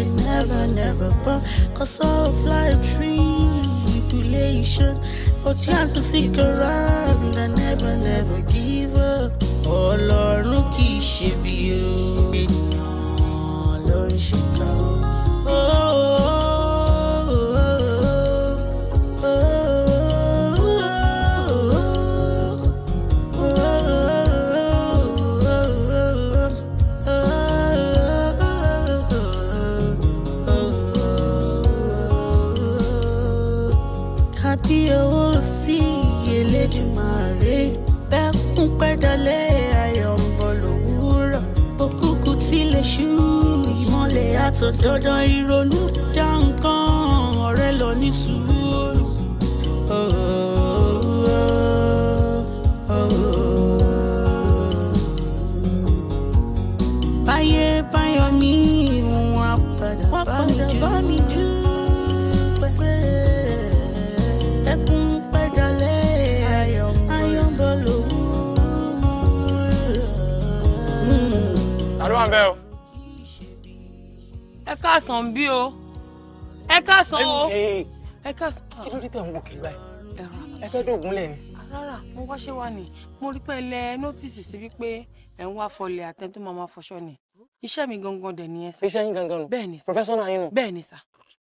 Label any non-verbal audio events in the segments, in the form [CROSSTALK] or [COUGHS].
is never, never born. Cause of life tree tribulation. But you have to stick around and never, never give up. Oh Lord, no í ṣe be o. Oh, Lord, ṣe Oh, oh. òdodo ìrònú káàsán bí o ẹ káàsán o ẹ káàsán. kí ló dé tẹ̀ ń wò kiri báyìí ẹ fẹ́ dògún lẹ́nu. rárá mo wá ṣé wà ní mo rí pé nọ́tìsì sí wípé ẹ̀ ń wá fọlẹ̀ àtẹ̀tù máa ma fọṣọ ni iṣẹ́ mi gangan dẹ̀ nìyẹn sá. iṣẹ́ yín gangan nù bẹ́ẹ̀ ni sá professional yín nù. bẹ́ẹ̀ ni sá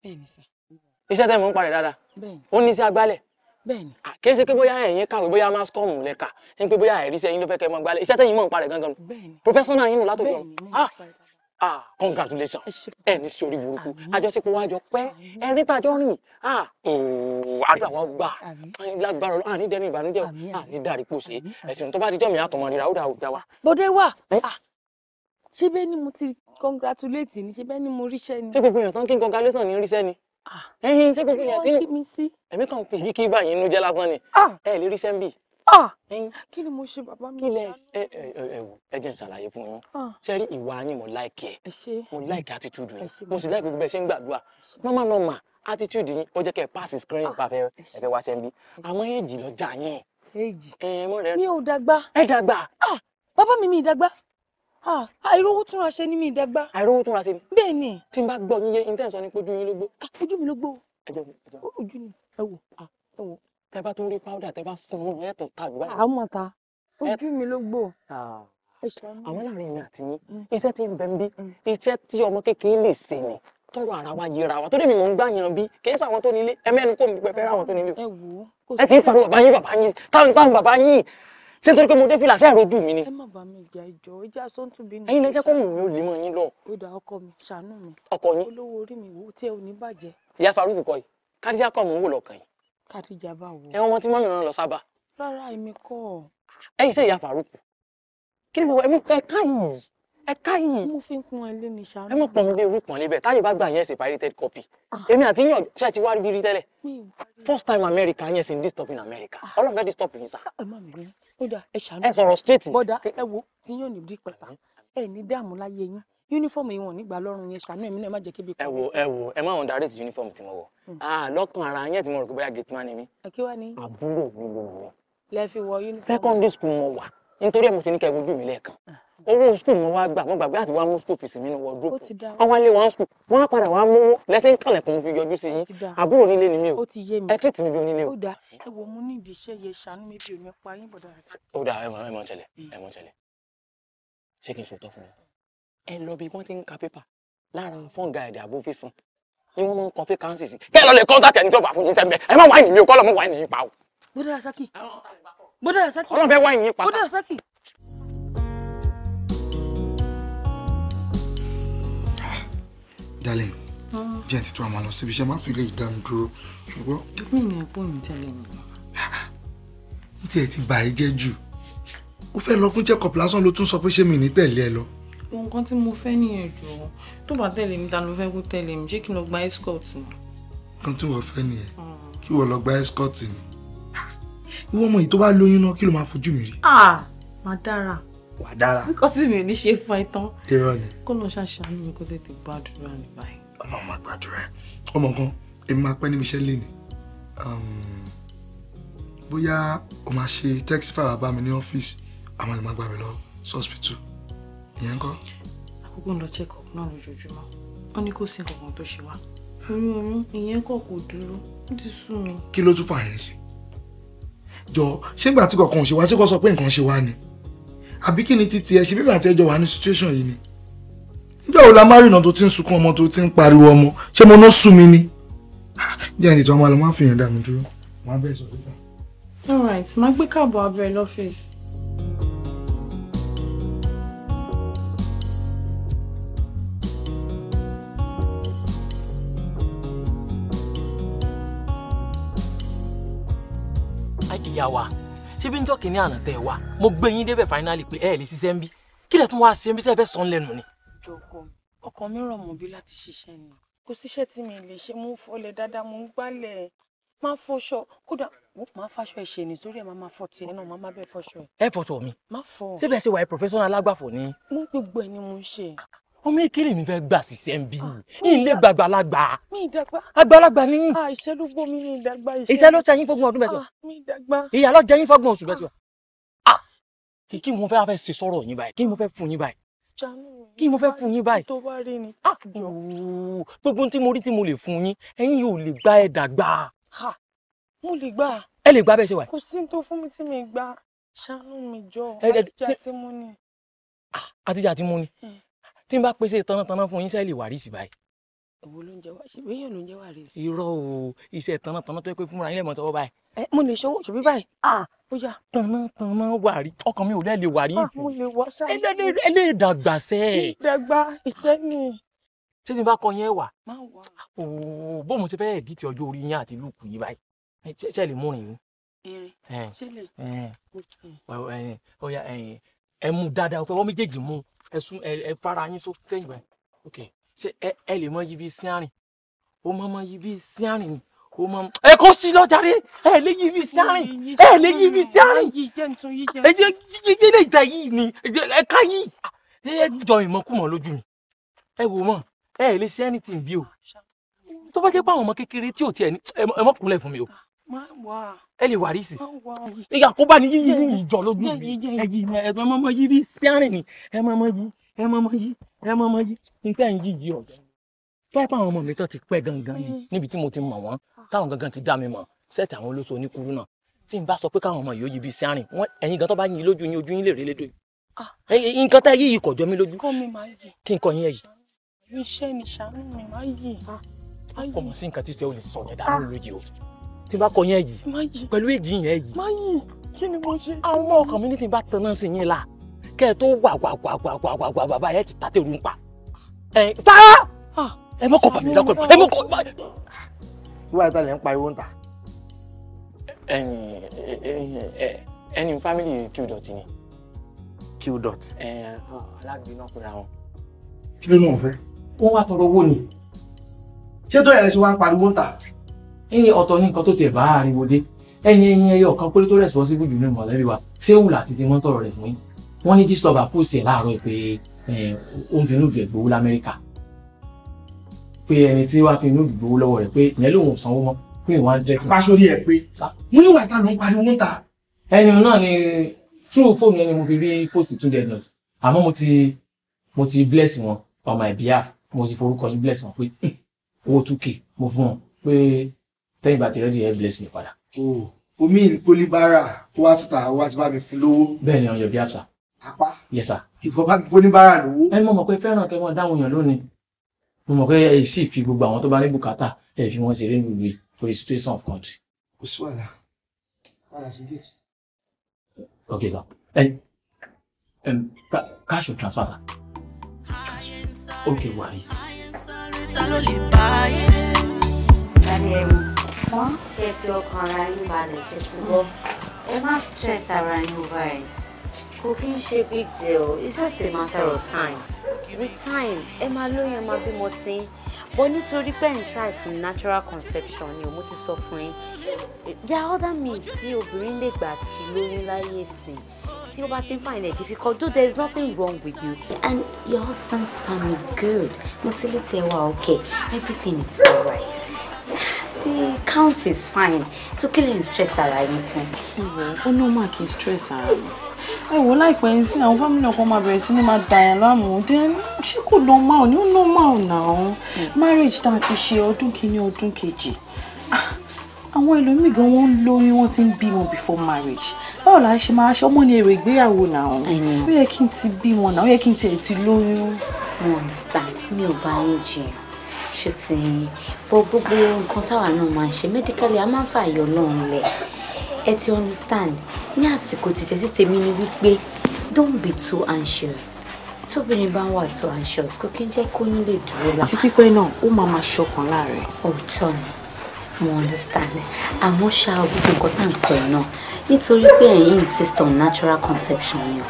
bẹ́ẹ̀ ni sá. iṣẹ́ tẹ̀ mọ́ ń parẹ́ dáadáa. ó ní sí agbálẹ̀ bẹ́ẹ̀ni. kì í ṣe pé bóyá ẹ̀yin kàwé bóyá mascom lẹ kà ní pé bóyá ẹ̀rí sẹ́yìn ló fẹ́ kẹ́ mọ gbálẹ̀ iṣẹ́ tẹ́yìn mọ̀ ń parẹ́ gangan. bẹ́ẹ̀ni professional yín nù látòkè ọ̀run ah congratulations ẹ ní sí orí burúkú àjọṣepọ̀ wa jọ pẹ́ ẹ̀rín tàjọ rìn ah àdúrà wa gbà lágbára ọlọ́run àní dẹni ìbànújẹ́ àní dàrí pò ṣe ẹ̀sìn tó bá di jọ́mi àtọmọ rírà ó dà ó já wa. bọ́dé wà ah, ṣé bẹ́ẹ̀ ni mo ti congratulate ni ṣé bẹ́ẹ̀ ni mo ríṣẹ́ ni. ṣé gbogbo èèyàn tán kí n congratulation ní ríṣẹ́ ni ah. ẹ̀yin ṣé gbogbo èèyàn tí ẹ̀mí kan fi kíkí báyìí inú jẹ́ lásán ni ah. ẹ̀ lè ríṣẹ́ ń bì Ah! kí ni mo ṣe bàbá mi ṣàánú. ẹ ẹ ẹ wò ẹ jẹ́ n ṣàlàyé fún yín ah. ṣe rí ìwà yín mo láìkì ẹ mo láìkì attitude yín mo sì láìkì gbogbo ẹ ṣe ń gbàdúrà normal normal attitude yín ó jẹ́ kẹ́ ẹ pass screen pa ah, fẹ́ ẹ fẹ́ wá ṣe ń bí àmọ́ èjì lọ jà yín. èjì mi ò dàgbà. ẹ dàgbà. bàbá mi mi dàgbà àìrówó túnra ṣe ni mi dàgbà. àìrówó túnra ṣe ni. bẹ́ẹ̀ ni. tí n bá gbọ́ yín yé intention ni pé ojú yín ló gbó. ojú mi ló gbó. ẹ jẹ́ ojú ni ẹ wò ẹ wò tẹ bá tún rí powder tẹ bá sun oúnjẹ ẹ tó ta jù báyìí. àwọn ta ojú mi ló gbò. àwọn láàrin mi àti yín mm. iṣẹ́ tí ń bẹ ń bí mm. iṣẹ́ tí ọmọ kékeré lè ṣe ni tọrọ ara wa yẹra wa torí mi mò ń gbà yan bí kì í ṣe àwọn tó nílé ẹ mẹ́nu kó mi pẹ́fẹ́ àwọn tó nílé o. ẹ sì ń pariwo bàbá yín bàbá yín táwọn táwọn bàbá yín ṣé nítorí pé mo dé fìlà ṣe àròjù mi ni. ẹ má bàa mi ìjà ìjọ ìjà sọ́ńtù bí. ẹ̀yin lè jẹ́ kó wùn mí ò lè mọ yín lọ. ó dà ọkọ mi ṣàánú mi. ọkọ yín. olówó orí mi wò ó tí ò ní bàjẹ́. ìyá Farouk kọ yìí káríṣà kọ́ mò ń wò lọ́kàn yìí Kàdíjà bá wo. Ẹ̀wọ̀n wọn tí mọ́mí rán lọ sábà. Rárá èmi kọ́. Ẹ̀yin sẹ́yìn ìyá Fàrúkù. Kí ni ẹ̀mí ẹ̀ka yìí? Ẹ̀ka yìí. Mo fi ń kun ẹ lé ní ṣáà. Ẹ mọ̀ pọ̀ mi bí irú pọ̀ níbẹ̀. Táyé bá gbà yẹn sí pirated copy. Ah. Èmi àti yíyan ṣe ti wá rí tẹ́lẹ̀. First time America yẹn sì ń disturb in America. Ah. Ọlọ́run fẹ́ disturb yín sá. Ah, ẹ má mi rí. Ó dà ẹ ṣàánú. Ẹ sọ̀rọ̀ straight. Bọ́dà ẹ wo tí yóò ní dí pẹ̀tà ẹ ní dààmú láyé yín yúnífọ̀mù yìí wọn nígbà lọ́rùn yẹn ṣàánú ẹ̀mí náà má jẹ́ kébi. ẹ wo ẹ wo ẹ má wọn darí ti yúnífọ̀mù tí mo wọ̀ hmm. lọ́kàn ara yẹn tí mo rò pé bóyá gate man ni mí. kí wàá ní. àbúrò mi ló mi. lẹ fi wọ yúnífọ̀mù. secondary school mo wà nítorí ẹ mo ti ní kẹ́ wojú mi lẹ́ẹ̀kan ah. owó school mo wá gbà mo gbàgbé àti wá mú school fees mi ní wardrobe ọwọ́ ilé wọn school wọn á padà wá mówó lẹ́sìn kànlẹ̀kùn fi yọjú sí yín àbúrò nílé ni mí o ẹ treat mi bí onílé o. ó dáa ẹ wo mo ní ìdí iṣẹ́ yẹ ṣàánú mi bí omi ọ̀pá yín bọ̀dọ̀ àti. ó dáa ẹ mọ ẹ mọ ṣẹlẹ̀ hmm. ẹ mọ ṣẹlẹ̀ ṣé kí n sòótọ́ fún yín ẹ lọ bí wọ́n ti ń ka pépà lára fọ́ǹgà èdè àbófẹ́sán ni wọ́n máa ń kan fẹ́ káńsì sí kẹ́ ẹ lọ lè kọ́ńtàtì ẹni tí ó bá fún yín sẹ́ńbẹ́ ẹ má wáìnì mi ò kọ́ lọ́mọ wáìnì yín pa o. bódà saki bódà saki ọlọ́run fẹ́ wáìnì yín pa sa bódà darling jẹ́ ti tó àmọ́ lọ síbi iṣẹ́ má fi lè dá mi dúró ṣùgbọ́n. ìpín ìyẹn pọ̀ ní tẹ́lẹ̀ mi. ó tiẹ̀ ti bà á jẹ́ jù ó fẹ́ lọ fún check up lásán ló tún sọ pé ṣé mi ní tẹ̀lé ẹ lọ. nǹkan tí mo fẹ́ nìyẹn jù ọ́ tó bá tẹ̀lé mi ta ló fẹ́ kó tẹ̀lé mi ṣé kí n lọ gba escort ni. nǹkan tí wọ́n fẹ́ nìyẹn hmm. kí wọ́n lọ gba escort ni. ìwọ ọmọ yìí tó bá lóyún náà kí ló máa fojú mi rí. ah màá dára wà dára. síkọ́ sí mi ò ní ṣe fún ẹ tán. irọ́ ni. kó lọ ṣàṣàánú mi kó tètè gbàdúrà ní báyìí. ọlọ́run máa gbàdúrà ọmọ kan èmi máa pẹ́ níbi iṣẹ́ lẹ́nu bóyá o máa ṣe tẹ́kisí fàrà mi ní ọ́fíìsì àwọn ni máa gbà mí lọ sọ́spítù ìyẹn ńkọ́. àkókò ń lọ check up náà lójoojúmọ́ wọn ní kò sí nǹkan tó ṣe wá oyún oyún ìyẹn kọ̀ kò dúró ó ti sú mi. kí ló tún fà yẹn sí jọ ṣé tí kankan ò ṣe wá ṣé kò sọ pé nǹkan ṣe wá ni àbí kí ni títí ẹ ṣe bíbí àti ẹjọ wà ní situation yìí ni níjọ́ wo la má rìnà tó ti ń sunkún ọmọ tó ti ń pariwo ọmọ ṣé mo ná sùn mi ni díẹ̀ nìtọ́ máa lọ má fi yàn dàmú dúró wọ́n á bẹ̀ sọ all right máa gbé káàbọ̀ abẹ́rẹ́ lọ́fíìsì. ìyá wa ṣé bí njọ́ kìíní àná tẹ́ ẹ mo gbé yín débẹ̀ fáínálì pé ẹ lè ṣiṣẹ́ ń bí kí lẹ̀ tún wá ṣe ń bí sẹ́fẹ́ sàn lẹ́nu ni. jọkọ ọkàn mi rọ̀ mọ́ bí láti ṣiṣẹ́ ni kò síṣẹ́ tí mi lè ṣe mú fọlẹ̀ dáadáa mò ń gbálẹ̀ máa fọṣọ kódà máa fàṣọ ẹ ṣe ni sórí ẹ máa máa fọ tiẹ náà máa máa bẹ fọṣọ ẹ. ẹ fọṣọ mi. má fọ. síbẹ̀ sí wàá professional alágbàfọ̀ ni. mo gbogbo ẹ ni mo ń ṣe ọmọ ìkéré mi fẹ́ gbà síṣẹ́ ń bí ilé gbàgbà lágbà àgbàlagbà ní. Ah, iṣẹ́ ló gbó mi ní ìdàgbà iṣẹ́. iṣẹ́ ló ṣe yín fọ́gbọ̀n ọdún mẹ́sàn. Ah, ìyá ló jẹ yín fọ́gbọ̀n oṣù mẹ́sàn. Ah. kí mo fẹ́ fẹ́ ṣe sọ̀rọ̀ yín báyìí kí mo fẹ́ fún yín báyìí kí mo fẹ́ fún yín báyìí. tó bá rí ni. gbogbo tí mo rí tí mo lè fún yín ẹ̀yin yóò lè gbá ẹ̀ dàgbà. mo lè gbà. ẹ lè gbà bẹ́ẹ̀ ṣe wà. kò sí ní tó fún mi tí mi gbà ṣàánú mi jọ àtijọ́ àti múni. àtijọ́ eh. àti múni tí n bá pèsè tannátanná fún yín sẹ́ẹ̀lì wàrí sí báyìí. èwo ló ń jẹ wá ṣe bẹ́ẹ̀ yóò ló ń jẹ wá rí sí. irọ́ o iṣẹ́ tannátanná tó yẹ pé fúnra yín lẹ́mọ̀ tọwọ́ báyìí. ẹ mo lè ṣọwọ́ ṣòbí báyìí ah ó yá. tannátanná wàrí ọkàn mi ò lẹ́ẹ̀ lè wàrí. mo lè wá sáré. ẹ lè dàgbà sẹ́. dàgbà iṣẹ́ mi. ṣé tí n bá kọ yẹn wà. má wà. ooo bó mo ti fẹ́ ẹ̀dí ti ọjọ́ orí yín àti lùkù yìí báyìí ṣe lè múrin ẹ sún ẹ ẹ fara yín só tẹ̀yìn báyìí ok ṣé ẹ ẹ lè mọ yíbi sí àrìn ó mọ mọ yíbi sí àrìn ni ó mọ ẹ kó sí lọ jàre ẹ lè yíbi sí àrìn ẹ lè yíbi sí àrìn ẹ jẹ jíjẹ lè dà yìí ni ẹ ká yìí ẹ jọ ìmọ̀kùmọ̀ lójú mi ẹ wò mọ̀ ẹ lè ṣe anything bí o tó bá jẹ́ pé àwọn ọmọ kékeré tí ò tiẹ̀ ní ẹ mọ̀kúnlẹ̀ fún mi o ẹ lè wà rí sí i àkóbá ni yíyí yíyí ìjọ lójú ẹyí ẹgbẹ mọmọ yí bí sẹrìn ni ẹ mọmọ yí ẹ mọmọ yí ẹ mọmọ yí níta ẹ ń yíyí ọjọ fẹẹ pa àwọn ọmọ mi tó ti pẹ́ gangan ni mm-hmm. níbi tí mo ti mọ̀ wọ́n táwọn gangan ti dá mi mọ̀ sẹẹtì àwọn olóṣù oníkúrú náà tí n bá sọ pé káwọn ọmọ yìí ó yí bí sẹrìn wọn ẹ̀yin gan tó bá yin lójú yín ojú yín lè rí lédè ah. nǹkan tá yíyí kọjọ mi lójú kí n kọ yín ẹ yìí. iṣẹ́ ni ṣàánú yí. Ah tí bá kọ yẹn yìí pẹ̀lú èjì yẹn yìí. má yìí kí ni mo ṣe. àwọn ọkàn mi ní ti bá tanná sí yín la kẹ́ ẹ tó wà wà wà wà wà wà wà bàbá yẹn ti ta tẹ̀rù ń pa. ẹ sára ah. ẹ mọ̀ kọ́ bàmí lọ́kọ̀ ẹ mọ̀ kọ́ bàmí. wíwá ìta lè ń pa ewu ń ta. ẹyin ẹni fámìlì q dot ni. q dot. ẹ alágbèé náà pera wọn. kí ló ní wọn fẹ́. wọn wá tọrọ owó ni. ṣé tó yẹ lẹ ṣe wá ń pariwo ń ta ẹyin ọ̀tọ̀ ní nǹkan tó tiẹ̀ bá ariwo dé ẹyin ẹyin ẹyọ kan péré tó responsible jù nínú mọ̀lẹ́bí wa ṣé wùlà àti ti mọ́tò rẹ̀ fún yín wọ́n ní disturber post ẹ̀ láàárọ̀ pé ó ń fi inú ìdùn gbowó lamẹ́ríkà pé ẹni tí wàá fi inú ìdùn gbowó lọ́wọ́ rẹ̀ pé ìyẹn lòun ò sanwó mọ́ pé ìwọ̀n á apasori ẹ pé mo ní wàtá ló ń pariwo ń ta. ẹni náà ni true phone yẹn ni mo fi rí post two dead note àmọ́ mo ti mo ti bless wọn on my behalf mo ti forúkọ yín bless wọn pé hmm, owó two k mo fún wọn pé tẹ́yìn bá ti rẹ́dí ẹ̀ bless mi padà. omi ìpolíbára wá síta wá ti bá mi fún lówó. bẹ́ẹ̀ ni ọ̀yọ́ bí àṣà. apá yes sir. ìfọ̀bá mi políbára lówó. ẹ mọ̀ mọ̀ pé fẹ́ràn kẹ́ wọ́n dáhùn yàn lónìí mo mọ̀ pé ẹ sì fi gbogbo àwọn tó bá ní bùkátà ẹ fi wọ́n ṣeré nílùú yìí torí situation of country. kò sí wàhálà wàhálà sí gate. ok sir ẹ ẹ cash or transfer sir. ok wàhálà. ta ló lè bá yẹn àmọ́ kẹ fi ọkàn ara yín balẹ̀ ṣe stress around yín over Cooking kò kí n big deal it's just a matter of time with time ẹ máa lóyún ẹ máa bímọ tí ń bọ nítorí pé ń try for natural conception ni mo ti sọ there are other means tí obìnrin lè gbà fi lóyún láyé sìn tí ó bá ti ń find it difficult though there is nothing wrong with you and your husband's sperm is good motility ẹ wà okay everything is alright the count is fine so killing lè ń stress ara yín fún. ó ní ó máa kí n stress ara mi ẹ wò láìpẹ́ yín sí àwọn fámìlì ọkọ máa bẹ̀rẹ̀ sí ni máa dàyàn láàmú then ṣé kò normal ni ó normal náà marriage tá a ti ṣe ọdún kìíní ọdún kejì ah, àwọn ẹlòmíì gan wọn ń lóyún wọn ti ń bímọ before marriage báwo la ṣe máa ṣọmọ ní èrè ìgbéyàwó náà ó yẹ kí n ti bímọ náà ó yẹ kí n tiẹ̀ ti lóyún. mo understand mi ò bá yín jiyàn ṣe ti bọ gbogbo nǹkan táwa náà máa ń ṣe medically a máa ń fààyè ọlọ́run lẹ̀ ẹ ti understand ní àsìkò títẹ títẹ mi ni wípé don't be too anxious tóbìnrin bá ń wà too anxious kò kí ń jẹ́ kóyún lè dúró la. àti pípẹ́ náà ó máa máa ṣọkàn láàrẹ̀. òótọ́ ni mo understand àmọ́ ṣá gbogbo nǹkan tá à ń sọ yìí náà nítorí pé ẹ̀yin insist on natural conception ni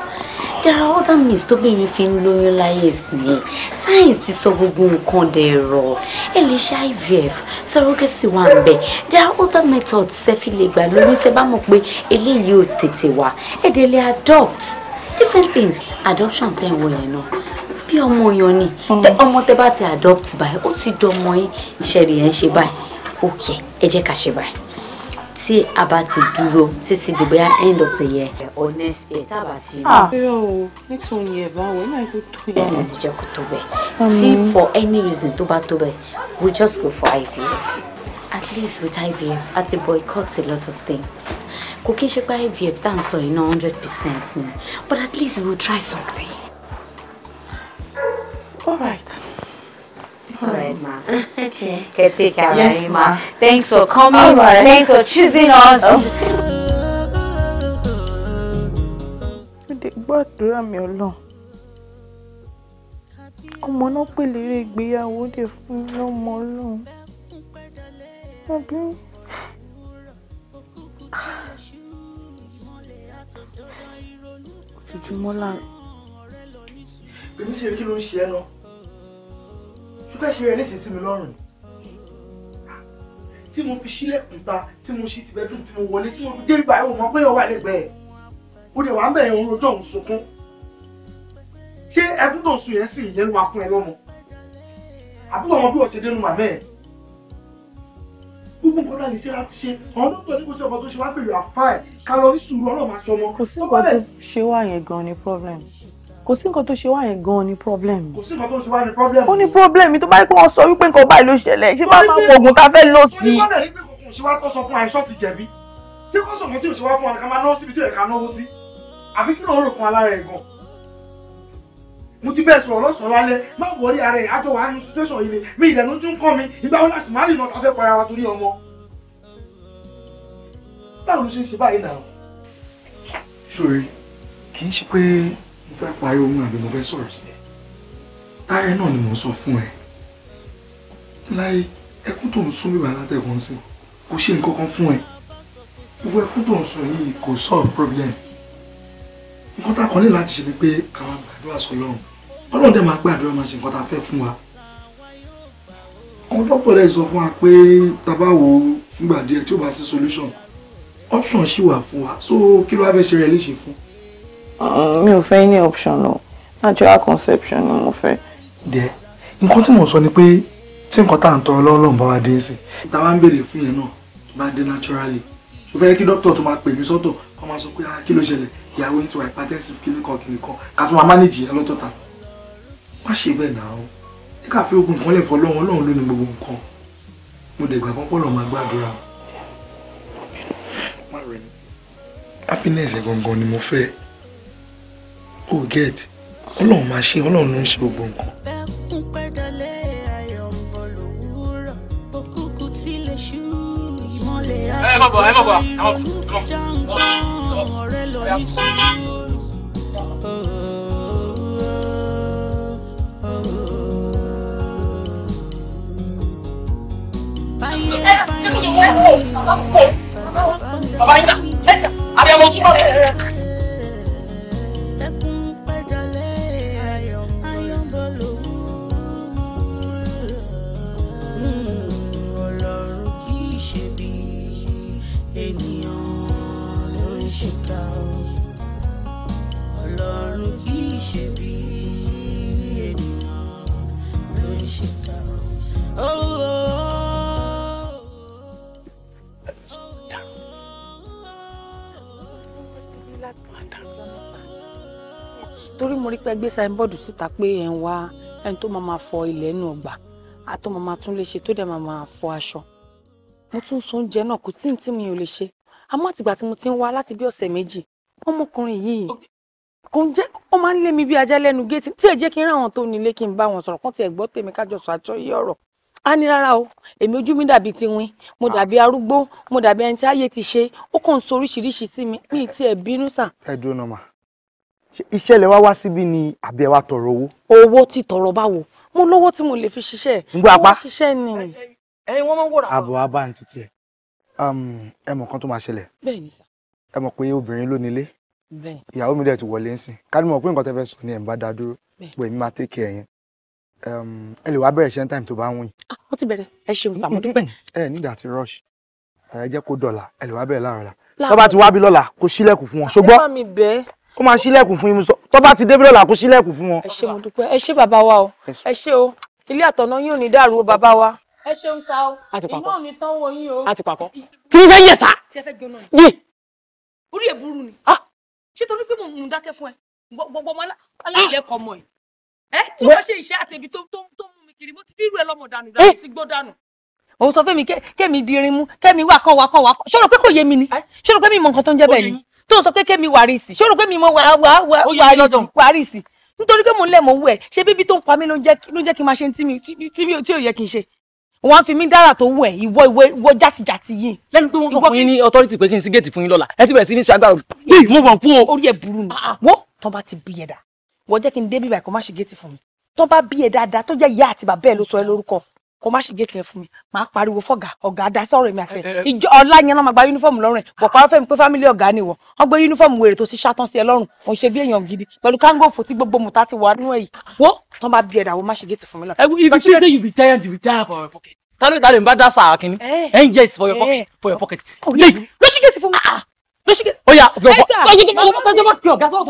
there are other means tóbìnrin fi ń lóyún láyé ìsìn sáyẹ̀nsì sọ gbogbo nǹkan dẹ̀rọ ẹ lè ṣe ivf surrogacy wà ń bẹ there are other methods sẹ́fì lè gbà lóyún tẹ́ bá mọ̀ pé eléyìí ò tètè wá ẹ̀dẹ̀ lè adopt different things adoption tẹ́ ń wọ yẹn náà bí ọmọ yan ni mm. ọmọ tẹ́ bá ti adopt báyìí ó ti dọmọ yín ìṣẹ̀lẹ̀ yẹn ṣe báyìí ok ẹ jẹ́ ká ṣe báyìí tí a bá ti dúró títí di bóyá end of the year or next year tá a bá ti rí. àbúrò ah, o nítorí yẹn báwo ẹ máa kó tó yẹn. bẹ́ẹ̀ ni jẹ́ kó tó bẹ́ẹ̀ tí for any reason tó bá tó bẹ́ẹ̀ we just go for IVF at least with IVF a ti boycott a lot of things kò kí n ṣe pé IVF tá à ń sọ yìí náà hundred percent ni but at least we will try something. all right. All ma. okay. Okay, take care, yes, right, ma. Thanks for coming. Right. Thanks for choosing us. Oh. gbàdúrà mi Ọlọ́run ọmọ náà pèlè rẹ ìgbéyàwó dé fún mi lọ́mọ Ọlọ́run àbí ojoojúmọ́ láàrin. èmi sì rí kí ló ń ṣe ẹ́ náà ṣùgbọ́n ṣe rẹ̀ léṣe sí mi lọ́rùn tí mo fi sílẹ̀kùn ta tí mo ṣí ti bedroom tí mo wọlé tí mo fi dé bíbá ẹ̀wọ̀n mọ́ pé ó wà lẹ́gbẹ̀ẹ́ ó dẹ̀ wà ń bẹ̀rẹ̀ òun rojọ́ òun sunkún ṣé ẹkún tó ń sun yẹn sì ìyẹn ló máa fún ẹ lọ́mọ àbúrò ọmọ bí wọ́n ṣe dénú màmá ẹ̀ gbogbo nǹkan láti ṣe láti ṣe àwọn dókítà ní kò sí ọkọ tó ṣe wá pé you are fine ká lọ ní sùúrù ọlọ́run ọmọ. kò sí ọkọ tó ṣe wá yẹn gan ni problem kò sí nǹkan tó ṣe wá gan-an ni problem. kò sí nǹkan tó ṣe wá ni problem. ó ní problem tó bá yẹ kó wọn sọ wípé nǹkan báyìí ló ṣẹlẹ̀ ṣé máa máa oògùn tá a fẹ́ lò sí. mo ti bẹ́ẹ̀ sọ̀rọ̀ lọ́sàn lálẹ́ má wọrí ara ẹ̀ àjọ wàá nu situation yìí ni mi ìdẹ̀nu tún kọ́ mi ìgbà wo láti má rìnà tàfẹ́ para wa torí ọmọ. báwo ló ṣe ń ṣe báyìí náà. sori kì í ṣe pé fẹ́ pariwo mú àbí mo fẹ́ sọ̀rọ̀ sí ẹ táyà náà ni mò sọ fún ẹ láyé ẹkún tó ń sún bíbá látẹ̀kùn sí kò ṣe nǹkan fún ẹ gbogbo ẹkún tó ń sún yìí kò solve problem nǹkan tá a kàn ní láti ṣe ni pé káwa gbàdúrà sọ lọ́run ọlọ́run dẹ̀ máa gbàdúrà máa ṣe nǹkan tá a fẹ́ fún wa àwọn dọ́pọ̀ rẹ̀ sọ fún wa pé tábà wo fúngbà díẹ̀ tí ó bá sí solution option ṣì wà fún wa so kí ló wá fẹ́ ṣe rẹ̀ léṣe fún un. Uh, mi ò fẹ́ ní option o natural conception ni mo fẹ́. díẹ̀ nǹkan tí mò ń sọ ni pé tí nǹkan tá à ń tọrọ lọ́lọ́run bá wa dé sí. tá a bá ń béèrè fún yẹn náà tó bá dé naturally tó fẹ́ kí dókítà tó máa pè mí sọ́tọ̀ kó máa sọ pé ah, kí ló ṣẹlẹ̀ ìyàwó yín ti wà hypertensive kíní kan kíní kan ká tún máa manage yẹn lọ́tọ̀ọ̀ta. má ṣe bẹ́ẹ̀ náà o ní ká fi ogun nǹkan lè fọ lọ́wọ́ ọlọ́run ló ní gbogbo nǹkan mo dẹ̀ gbà pọ́pọ́ lọ́ọ́ máa gbàdúrà. happiness ẹ̀ gangan ni mo fẹ́ o get ọlọ́run máa ṣe ọlọ́run ló ń ṣe gbogbo nǹkan. ẹ má bọ̀ ẹ má bọ̀ ẹ má bọ̀. Baba, ina, abbiamo solo... torí mo rí pé gbé signboard síta pé ẹ̀ ń wá ẹni tó máa máa fọ ilẹ̀ inú ọgbà àtọ́ máa máa tún lè ṣe tó dẹ̀ máa máa fọ aṣọ mo tún sọ oúnjẹ náà kò tí ì tí mi ò lè ṣe àmọ́ àtìgbà tí mo ti ń wá láti bí ọ̀sẹ̀ méjì ọmọkùnrin yìí kò ń jẹ́ ó máa ń lé mi bí ajá lẹ́nu géètì tí ẹ jẹ́ kí n rán tó nílé kí n bá wọn sọ̀rọ̀ kán tiẹ̀ gbọ́ tèmi kájọ sọ àjọ yí ọ̀rọ̀ a ní rárá o èmi ojú mi dàbí tiwin mo ah. dàbí arúgbó mo dàbí ẹni tí ayé ti ṣe ó kàn ń sọ oríṣiríṣi sí mi mi tiẹ̀ bínú sà. ẹ dúró nọmà iṣẹ́ lẹ wá wá síbí ni àbí ẹ wá tọrọ owó. owó tí tọrọ báwo mo lówó tí mo lè fi ṣiṣẹ́. ngbà apá ṣiṣẹ́ ni. ẹyin wọn máa ń wòrà. àbọ̀ abá ní títí ẹ̀ um, ẹ mọ̀ kan tó máa ṣẹlẹ̀. bẹ́ẹ̀ ni sà. ẹ mọ̀ pé obìnrin ló nílé. bẹ́ẹ̀. ìyàwó mi dẹ̀ ti wọlé ńsìn ká mọ̀ pé nǹkan tẹ́ fẹ́ sọ ni ẹ̀ ń bá dá dúró pé èmi máa tẹ́kẹ̀ ẹ̀yẹn. Um, ẹ lè wá bẹ̀rẹ̀ ṣẹ́ time tó bá ń wìn. Ah, [LAUGHS] rush ẹ jẹ́ kó dọ̀là ẹ lè wá bẹ̀rẹ̀ la. tó bá ti wá bí lọ́la kó ṣílẹ̀kùn fún mi bẹ́ẹ̀ kó máa ṣílẹ̀kùn fún yín mo sọ tó bá ti débí lọ́la kó ṣílẹ̀kùn fún wọn. ẹ mo dúpẹ́ ẹ ṣé wa o ẹ ṣé o ilé àtọ̀nà yóò ní dàrú o bàbá wa. ẹ ṣeun sa o iná mi tán wo yín o. a ti pàkọ́ tí n fẹ́ yẹ̀ sá. tí ẹ fẹ́ gbóná ni. yé. orí ẹ̀ burú ni. Ah. ṣé torí pé mo ń dákẹ́ fún ẹ gbogbo ọmọ aláìlẹ́kọ̀ọ́ mọ̀ ẹ̀ ẹ tí wọ́n ṣe iṣẹ́ àtẹ̀bí tó mú mi kiri mo ti bí irú ẹ lọ́mọ dànù dànù eh! sí gbó dànù òun sọ fẹ́mi kẹ́mi dirin mú kẹ́mi wà kọ́ wà kọ́ wà kọ́ ṣọ́rọ̀ pé kò yé mi ni eh! ṣọ́rọ̀ pé mi mọ nǹkan tó ń jẹ́ ni tó sọ pé kémi wàrísì ṣé o rò pé mi mọ wàrísì nítorí pé mò ń lẹ̀ mọ́ wú ẹ̀ ṣé bíbí tó ń pa mí ló ń jẹ́ kí n máa ṣe tí mi tí ò yẹ kí n ṣe wọn fi mí dára tó wù ẹ ìwọ ìwọ ìwọ játijàti yìí. lẹ́nu pé wọn kàn fún yín ní authority pé kí n sí géètì fún yín lọ́la ẹ ti bẹ̀rẹ̀ sí ní sọ agbára bí mo kàn fún o. orí ẹ burú ni ah, ah. wo tán bá ti bí ẹ dà wọ́n jẹ́ kí n dé bíbá ẹ̀kọ́ má ṣe géètì fún mi tán bá bí ẹ dáadáa tó jẹ́ ìyá àti bàbá ẹ ló sọ ẹ lórúkọ kó má ṣe géètì yẹn fún mi máa pariwo fọ̀gá ọ̀gá dá sọ̀rọ̀ èmi àti ẹ̀ ìjọ ọ̀la yẹn náà máa gba yúnífọ̀mù lọ́rùn ẹ̀ bọ̀ parọ́ fẹ́mi pé fámílì ọ̀gá ni wọ̀ wọ́n gbé yúnífọ̀mù wèrè tó ti ṣàtàn sí ẹ lọ́rùn òun ṣe bí èèyàn gidi pẹ̀lú kángófò tí gbogbo mùtá ti wà nínú èyí wo tó bá bí ẹ̀dá wo má ṣe géètì fún mi lọ. ibi tí ẹ you be tired you be tired for your pocket. tálẹ̀ tálẹ̀ ń bá dá sáà kínní ẹ̀ ń yes for your pocket for your pocket. ló ṣe géètì fún mi oya tẹ bá pe ọ̀gá sọ̀rọ̀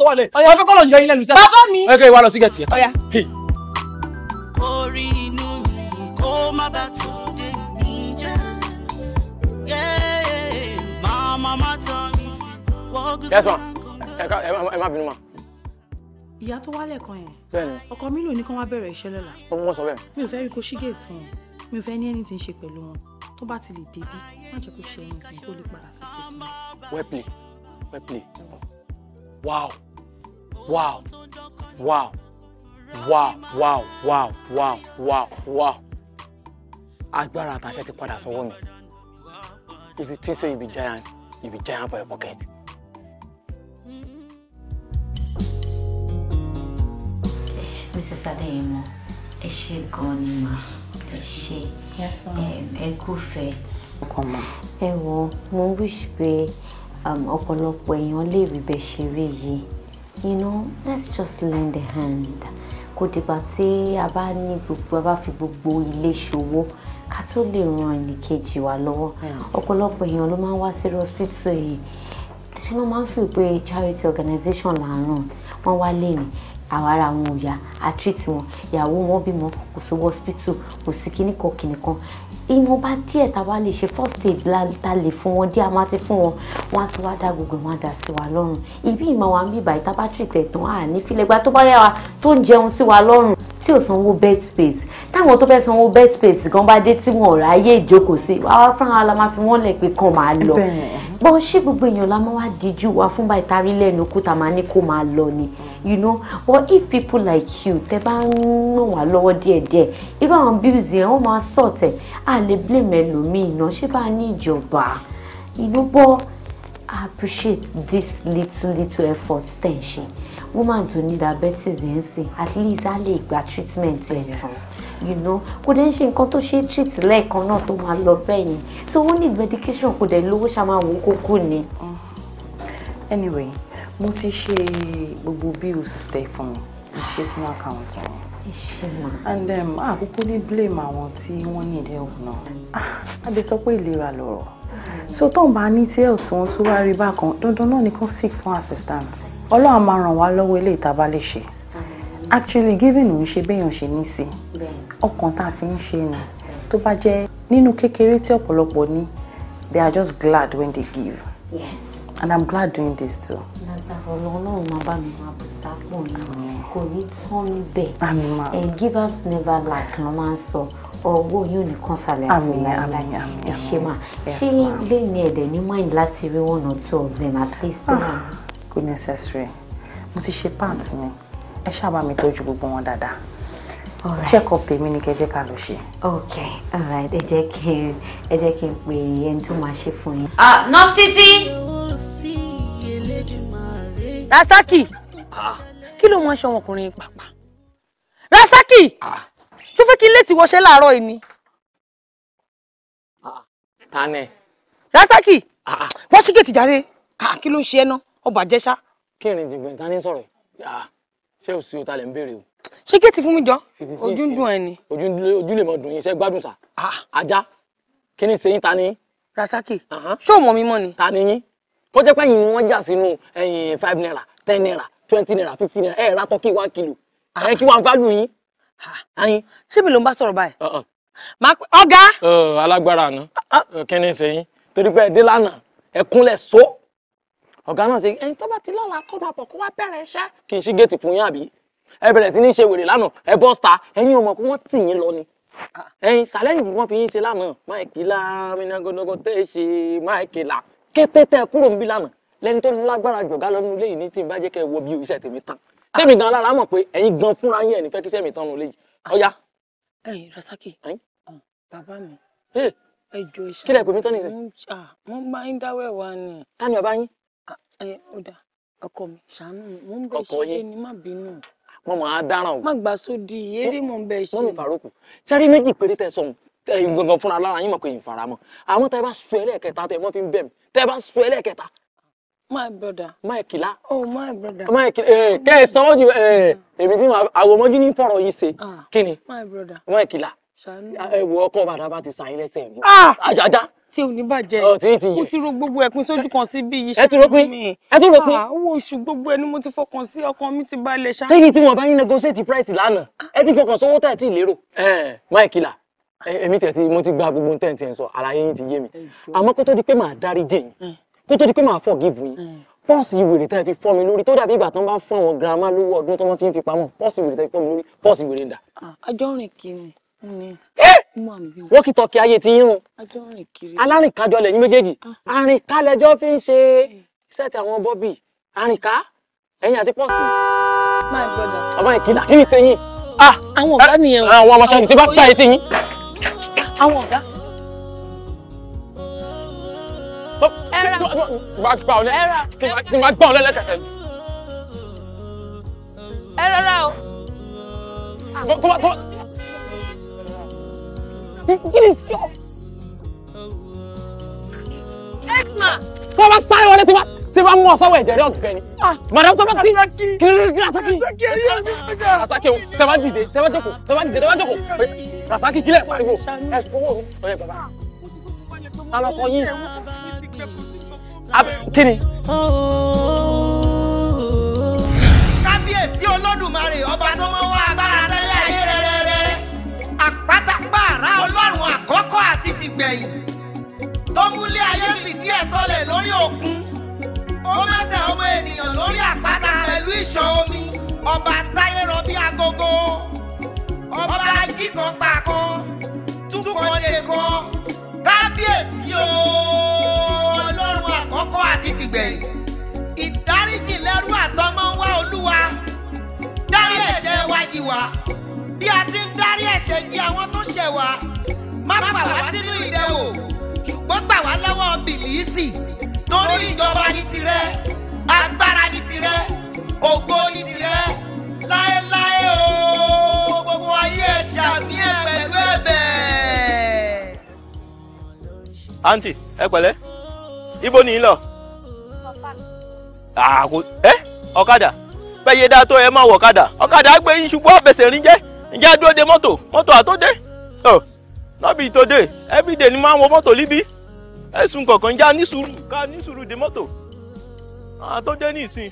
tó wà lẹ. bàbá mi. ẹ kẹ́ ẹ wá lọ sí gẹ̀ẹ́tì yẹn. Babatunde Nija. Yeah, my mama told me. Yes, ma. Ẹ má bínú ma. Ìyá tó wálẹ̀ kan yẹn. Bẹ́ẹ̀ni. Ọkọ mi ló ní kán wá bẹ̀rẹ̀ iṣẹ́ lọ́la. Ọmọ wọn sọ bẹ́ẹ̀. Mi ò fẹ́ rí kó ṣí gèètì fún wọn. Mi ò fẹ́ ní ẹni tí ń ṣe pẹ̀lú wọn. Tó bá ti lè débí, má jẹ́ kó ṣe ẹni tí ó lè padà sí pẹ̀tù. Well play, well Wow, wow, wow, wow, wow, wow, wow, wow, wow agbára àbàṣẹ ti padà sọ́wọ́ mi if you think say you be giant you be giant for your pocket. mrs adeyemo ẹ ṣe gan ni mà ẹ ṣe ẹ kúfẹ ẹ wọ mo wish pé um, ọ̀pọ̀lọpọ̀ èèyàn lè rí bẹ́ẹ̀ ṣe rí yìí you know let's just lend a hand kò dìgbà tí a bá ní gbogbo a bá fi gbogbo ilé ṣòwò ká tó lè ran ẹnìkejì wa lọ́wọ́ hmm. ọ̀pọ̀lọpọ̀ èèyàn ló máa ń wá sí hospital yìí ṣé ló máa ń fi pé charity organization là ń ràn wọ́n wá lé ní àwọn ara wọn ò yá a treat wọn ìyàwó wọn bímọ kò sówó hospital kò sí kíní kan ìwọ̀nba díẹ̀ tá a wá lè ṣe first aid ta lè fún wọn díẹ̀ a máa ti fún wọn wọn á tún wá dá gbogbo wọn á dà sí wa lọ́rùn ibi ìmọ̀ wa ń bíbà ìtàbátì tẹ̀tàn àní filegba tó bá yá tó ń jẹun sí wa lọ́rùn tí ò sanwó bed space táwọn tó fẹ́ sanwó bed space gan bá dé tí wọn ò ráyè ìjókòó sí wàá fúnra la máa fi wọ́n lẹ̀ pé kàn máa lọ bọ́n ṣé gbogbo èèyàn la máa wá díjú wa fún bá ìtarí lẹ́nu kú tá a máa ní kó máa lọ ni you know but if people like you tẹ bá ń ràn wá lọ́wọ́ díẹ̀díẹ̀ irú àwọn bills yẹn wọ́n máa sọ̀tẹ̀ à lè blame ẹlòmíì náà ṣé bá a ní ìjọba you know but I appreciate this little little effort tẹ̀ ṣe woman to need diabetes yẹn sìn at least a lè gba treatment ẹ̀ tán you know kò dẹ̀ ń ṣe nǹkan tó ṣe treat lẹ́ẹ̀kan náà tó máa lọ bẹ́ẹ̀ yẹn so ó need medication kò dẹ̀ lówó ṣàmà wò kókó ni. Mm-hmm. anyway mo ti ṣe gbogbo bills tẹ fún mi mo ti ṣe sínú àkáǹtì yẹn and àkókò um, ní blame àwọn tí wọ́n ní ìdẹ́hùn náà adé ah, sọ pé ìlera lọ̀rọ̀ so tó ń bá ní tí ẹ̀ tó ń tún wá rí bákan dandan náà ni kàn seek fún assistant ọlọ́run máa ràn wá lọ́wọ́ ilé ìtaba lè ṣe actually giving òun ṣe béèyàn ṣe ní sí ọkàn tá a fi ń ṣe ni tó bá jẹ́ nínú kékeré tí ọ̀pọ̀lọpọ̀ ní they are just glad when they give yes. and i'm glad doing this too. ọlọ́run máa bá mi máa bù sápò ní kò ní tán níbẹ̀ givers never lack ló máa ń sọ. So ọwọ́ yóò ní kọ́nsálẹ̀ àmì àmì àmì ṣe mà ṣé lẹ́yìn ẹ̀dẹ̀ ní mind láti rí one or two of them at least. kò ah, necessary mo ti ṣe pant mi ẹ ṣáàbà mi tọ́jú gbogbo wọn dáadáa check up tèmi ni kẹ́ jẹ́ ká lọ ṣe. ok alright ẹ jẹ́ kí n ẹ jẹ́ kí n pè ẹni tó máa ṣe fún yín. Ah, nurse títí. rasaki ah. kí ló mọ aṣọ ọmọkùnrin pàápàá rasaki. Ah ṣó fẹ́ kí n létí wọṣẹ́ láàárọ̀ yìí ni. Ah, tani. rasaki ah, ah. wọ́n ṣí gèètì jáde kí ló ń ṣe ẹ ná ọba àjẹsà. kí ni jìngbìn tani sọ̀rọ̀ ṣé o sì o ta lẹ̀ ń béèrè o. ṣé gèètì fún mi jọ ojú ń dùn ẹ ni. ojú lè mọ dùn yín ṣe gbádùn sà ajá kí ni sẹ́yìn tani. rasaki ṣé o mọ̀ mi mọ́ ni. tani yín kó jẹ́ pé ẹ̀yin ni wọ́n jà sínú five naira ten naira twenty naira fifty naira ẹ̀ẹ́dá tọ́kì one kilo ẹ̀ẹ́kí one value yín ayin ṣé mi ló ń bá sọ̀rọ̀ báyìí. Uh-uh. máa pe ọ̀gá. alágbára àná uh-uh. kí ni ṣe yín torí pé ẹdín lánàá ẹkúnlẹ̀ so ọ̀gá náà ṣe ẹni tó bá ti lọ́la kó máa bọ̀ kó wá bẹ̀rẹ̀ iṣẹ́ kì í ṣí géètì fún yín àbí ẹ bẹ̀rẹ̀ sí ní ṣe wèrè lánàá ẹ bọ́ sta ẹ̀yin ò mọ̀ pé wọ́n tì yín lọ ni uh-uh. ẹ̀yin sàlẹ́yìn kí wọ́n fi yín ṣe lánàá máìkì láàmínà gọdọgọ tẹ́ ẹ ṣe máìkì là kété tẹ́ ẹ kúrò ń bí lánàá lẹ́ni tó lágbára jọ̀gá lọ́nu lẹ́yìn tẹ́mi gan alára mọ̀ pé ẹ̀yin gan fúnra yín ẹ̀ ní fẹ́ kí sẹ́mi tán nu léyìí ọ̀yá. ẹyin Rasaki bàbá mi ẹjọ ìṣe kí lẹ pè mí tán nìyẹn. mo ń bá yín dáwọ́ ẹ̀ ni. ta ni ọba yín. ọ̀dà ọkọ mi ṣàánú mi mo ń bẹ ṣe é ní má bínú. mo máa dáràn o. má gbà sódì eré mo ń bẹ ṣe. mọ́mí faroku sẹ́rí méjì péré tẹ̀ sọ̀hún gangan fúnra lára yín mọ̀ pé ìfaramọ́ àwọn tẹ́ bá sọ ẹlẹ́ẹ̀kẹta tẹ́ wọ́n fi ń bẹ̀ mí tẹ́ bá sọ ẹlẹ́ẹ̀kẹta My brother. My kila. Oh, my brother. My kila. Eh, oh, ke sanwó ju eh èmi bí àwọn ọmọ gini fọ̀rọ̀ yìí ṣe. Ah, Kí ni? My brother. My kila. Ṣàánú. Ẹ eh, wo ọkọ bàdá bá ti sàn lẹ́sẹ̀ mi. Àjàjá. Ah! Tí o ní bàjẹ́. Ọ̀ oh, tí ti yẹ. Mo ti ro gbogbo ẹ̀pin sójú kan sí bí iṣẹ́ mi. Ẹ ti ropin. Ẹ ah, ti ropin. Owó oṣù gbogbo ẹni mo ti fọkàn sí ọkàn mi ti balẹ̀ ṣá. Sẹ́yìn tí wọ́n bá yín negotiate price lánàá, ẹ ti fọkàn sówó tẹ̀ tí ì lérò. Ẹ̀ẹ́n, Máì kìlà, èmi tẹ̀ ti mo ti gba gbogbo tẹ̀ ń tẹ̀ ń sọ, àlàyé yín ti yé mi. Àmọ́ kó tó di pé màá dárí jẹ́ yín. Eh kó tó di pé màá forgive yín mm. pọ́ọ̀sì ìwèrè tẹ́ fi fọ́ mi lórí tó dàbí ìgbà tó ń bá fún àwọn girama lówó ọdún tó wọ́n fi ń fi pamọ́ pọ́ọ̀sì ìwèrè tẹ́ fi fọ́ mi lórí pọ́ọ̀sì ìwèrè ń dà. àjọrìn kìíní ni wọ́n kì í tọ́kì ayé ti yín run alárìnkájọ lẹ́yìn méjèèjì àrìnkálẹ́jọ́ ah. fi ń ṣe sẹ́ẹ̀tì mm. àwọn bọ́bì àrìnká ẹ̀yìn àti pọ́ọ̀sì. my brother ọmọ ìkìlà kí ni ṣe yín. Ah! àwọn ọ̀gá nìyẹn o àwọn ọmọ ṣáà ní ti bá pààyè ti yín. àwọn ọ̀gá ẹ̀rà fún mi. máa gbà ọ lẹ́sẹ̀ kí máa gbà ọ lẹ́sẹ̀. ẹ rọra o. Ah. tó bá tó bá. kí ni tí o. bá sáré wọlé tí wá tí wá mú ọ sọ́wọ́ ẹ̀jẹ̀ rí ọ̀gbẹ́ni. Ah. madam tó bá sí kí ni kí ni asaki. asaki o tẹ bá dìde tẹ bá jòkó tẹ bá dìde tẹ bá jòkó asaki kílẹ̀ pariwo ẹ fọwọ́ mi ọ̀yẹ́ bàbá alọ́kọ yín kí ni. kábíyèsí olódùmarè ọba tó mọ wá agbára tẹ́lẹ̀ ayé rẹ̀rẹ̀rẹ̀ àpátápàrà ọlọ́run àkọ́kọ́ àti tìgbẹ̀yìn tó múlẹ̀ ayé fìdí ẹ̀ sọlẹ̀ lórí òkun ó mẹ́sẹ̀ ọmọ ènìyàn lórí àpáta pẹ̀lú ìṣàn omi ọba táyé rọ bí agogo ọba ajíkan pa kan túkọ̀ lè kan kábíyèsí o. wa bí a ti ń darí ẹ̀ṣẹ̀ jì àwọn tó ṣẹ̀ wá má bà wá sínú ìdẹwò ṣùgbọ́n gbà wá lọ́wọ́ bìlíìsì torí ìjọba ní tirẹ̀ agbára ní tirẹ̀ ògo ní tirẹ̀ láéláé o gbogbo ayé ẹ̀ṣẹ̀ àmì ẹ̀ ẹ̀bẹ̀. àǹtí ẹ pẹ̀lẹ́ ibo ni ń lọ. Ah, ọ̀kadà. ẹ ọ̀kadà bẹ́yẹ dá tó ẹ máa wọ̀ ọ̀kadà ọ̀kadà gbé yín ṣubú ọ̀bẹ̀sẹ̀ rí jẹ́ ǹjẹ́ ẹ dúró de mọ́tò mọ́tò àtọ́dé ọ̀ nọ́bì ìtòdè everyday ni máa ń wọ mọ́tò líbi ẹ̀sùn kọ̀ọ̀kan já ní sùúrù ká ní sùúrù de mọ́tò àtọ́dé ní ìsìn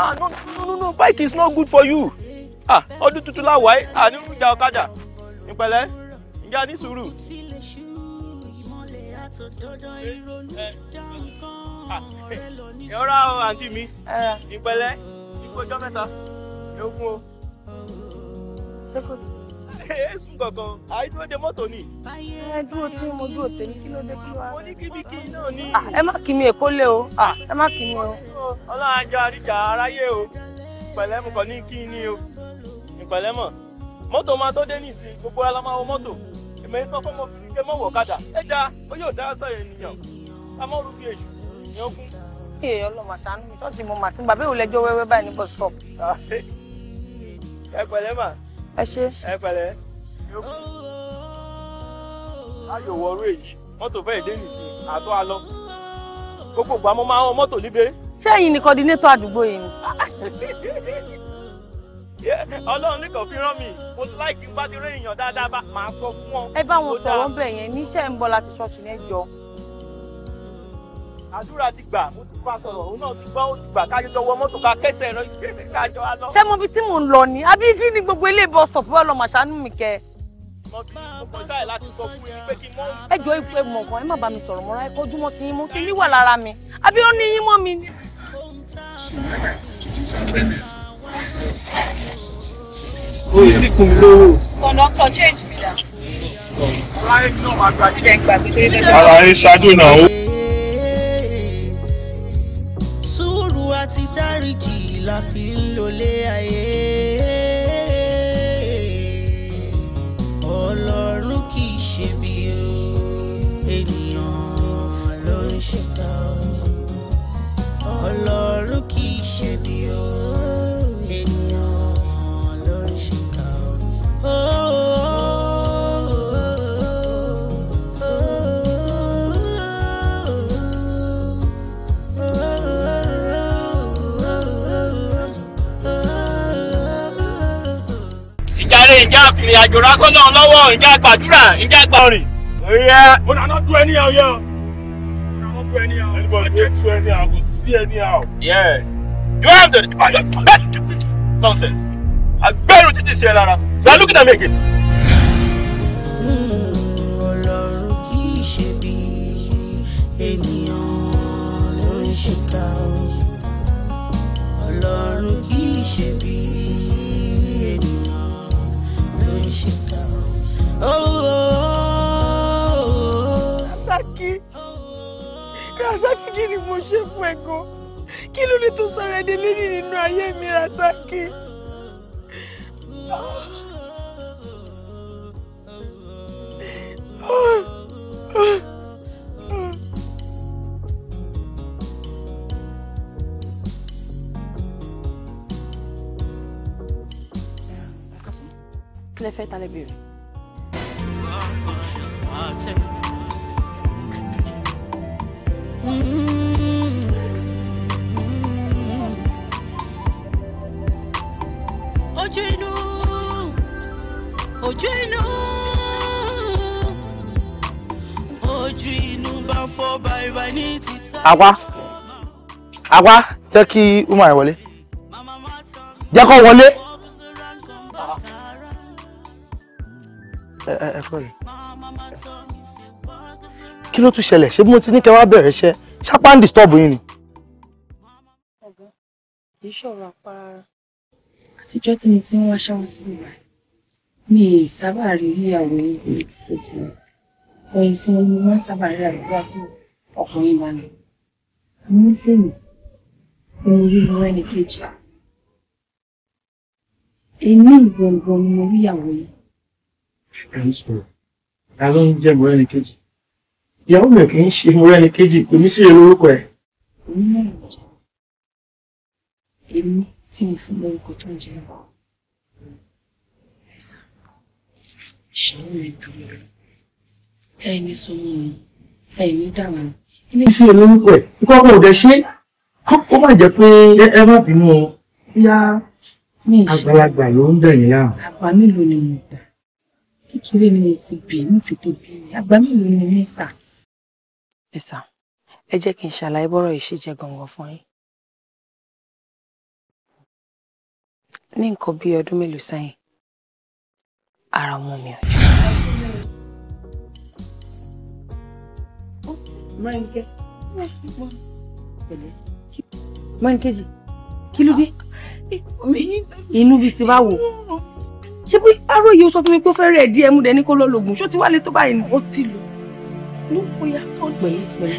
ah no no no bike is not good for you ah ọdún tuntun láwàá ànírújà ọ̀kadà ìpẹ̀lẹ́ ǹjẹ́ a ní sùúrù ìrora o àǹtí mi ìpẹ̀lẹ́ kú ọjọ́ mẹ́ta egun o ẹ̀sùn kankan àìdúró de mọ́tò ni. ẹ dúró tí mo dúró tèmi kí ló dé kí wá. mo ní kíbi kí náà ni. ẹ má kí mi èkó lé o ẹ má kí mi o. ọlọ́run ajá àríjà aráyé o ìpẹ̀lẹ́ mo kàn ní ni o ìpẹ̀lẹ́ mọ̀ mọ́tò máa tó dé nìsín gbogbo ara o moto mọ́tò èmi sọ pé mo fi ké mọ́wọ́ kadà ẹ dáa ó yóò dá sọ ènìyàn ká mọ́ rúbi èṣù ìyẹn kún ẹ ọlọ́mà ṣàánú mi ṣọ́ọ̀ṣì mo mà tí n bàbá ìwòlẹ́jọ́ wẹ́wẹ́ báyìí ní bus stop. ẹ pẹ̀lẹ́ mà. ẹ ṣe. ẹ pẹ̀lẹ́. ayò wọrú èyí mọ́tò fẹ́ẹ̀ dé nìyí àtọ́ alọ́ gbogbo ìgbà mo máa ń wọ mọ́tò níbẹ̀. ṣé ẹ̀yin ni kọ́dínétọ̀ àdúgbò yìí ni. Ọlọ́run nìkan fi rán mi mo láìkí bá ti rí èèyàn dáadáa bá máa sọ fún ọ. ẹ bá wọn sọ̀rọ̀ bẹ̀ yẹn níṣẹ́ ń bọ̀ láti ṣọ́ọ̀ṣì yẹn jọ àdúrà ti gbà mo ti fa sọ̀rọ̀ òun náà ti gbọ́ ó ti gbà ká jọ wọ mọ́tò ká kẹsẹ̀ rẹ ìgbésẹ̀ ká jọ wá lọ. ṣé mo bi tí mò ń lọ ni àbí kí ni gbogbo ilé bus stop wà lọ màṣánú mi kẹ. ẹ jọ ipò ẹ̀gbọ́n kan ẹ má bá mi sọ̀rọ̀ mọ́ra ẹ kọjú ti yín mọ́ kí ni wà lára mi àbí ó ní yín mọ́ mi o ì tí kun mi lówó. kọ̀nọ́tọ̀ change mi dà. ara yín ṣáájú náà oríkì la fi ń lólé ìrìn àjò rásán náà lọ́wọ́ ìjà gbàdúrà ìjà gbàrin. oyè mo nàná dún ẹni àwọn yẹn o nàná dún ẹni àwọn. anybody wey tú ẹni àwọn kò sí ẹni àwọn. you have the nonsense agbẹ́rù títí sí ẹ lára you are looking at me again. rasaki rasaki kí ni mo ṣe fún ẹ gan kí ló dé tó sọ̀rọ̀ ẹdẹ lẹ́yìn nínú ayé mi rasaki. Oh, oh, oh. Agwa, Agwa, jẹ́ kí uma yẹn wọlé jẹ́ kó wọlé. kí ló tún ṣẹlẹ̀ ṣé bí mo ti ní kẹ́ wá bẹ̀rẹ̀ iṣẹ́ ṣápá ń disturb yín ni. ọ̀gá kì í ṣọ̀rọ̀ apá rárá àtijọ́ tí mo ti ń wá ṣáwọn síbí báyìí mi ì sábà rí ìyàwó yìí ṣe ṣe ọ̀yìn sí mo ní wọ́n sábà rí àbúrò àti ọkùnrin ìbànú àmọ́ sèmi ni mo rí irun ìgbọ̀ngbọ̀n ni mo rí ìyàwó yìí. ẹ sọ̀rọ̀ ta ló ń jẹ́ mo rẹ́ni ìyàwó mi kì í ṣe mo rẹ́ni kò ní sí èrè orúkọ ẹ̀. òun náà ń jẹ èmi tí mo fún lórúkọ tó ń jẹ ẹ ṣàwọn ètò ẹni sọmọ mi ẹni dààmú ilé iṣẹ́ olórúkọ ẹ̀ ikọ́ kò dẹ̀ ṣe ó má jẹ́ pé ẹ má bínú o yá àgbàlagbà ló ń dẹ̀yìn láà. àgbà mélòó ni mo dà kékeré ni mo ti bì ní tètè bí mi àgbà mélòó ni mi sà. ẹ sà ẹ jẹ́ kí n ṣàlàyé bọ́rọ̀ yìí ṣe jẹ́ gangan fún yín. ní nǹkan bíi ọdún mélòó sẹ́yìn ara wọn mi ò yá. Mọ́rẹ́nikẹ́. Mọ́rẹ́nikẹ́jì, kí ló dé? Inú bíi ti bá wò. Ṣé bí aróyè ó sọ fún mi pé ó fẹ́ rẹ̀ díẹ̀ mú dẹ ní kó lọ lògùn? Ṣó ti wálé tó báyìí ni? Ó ti lò. Ló ń bóyá kọ́ pẹ̀lú pẹ̀lú.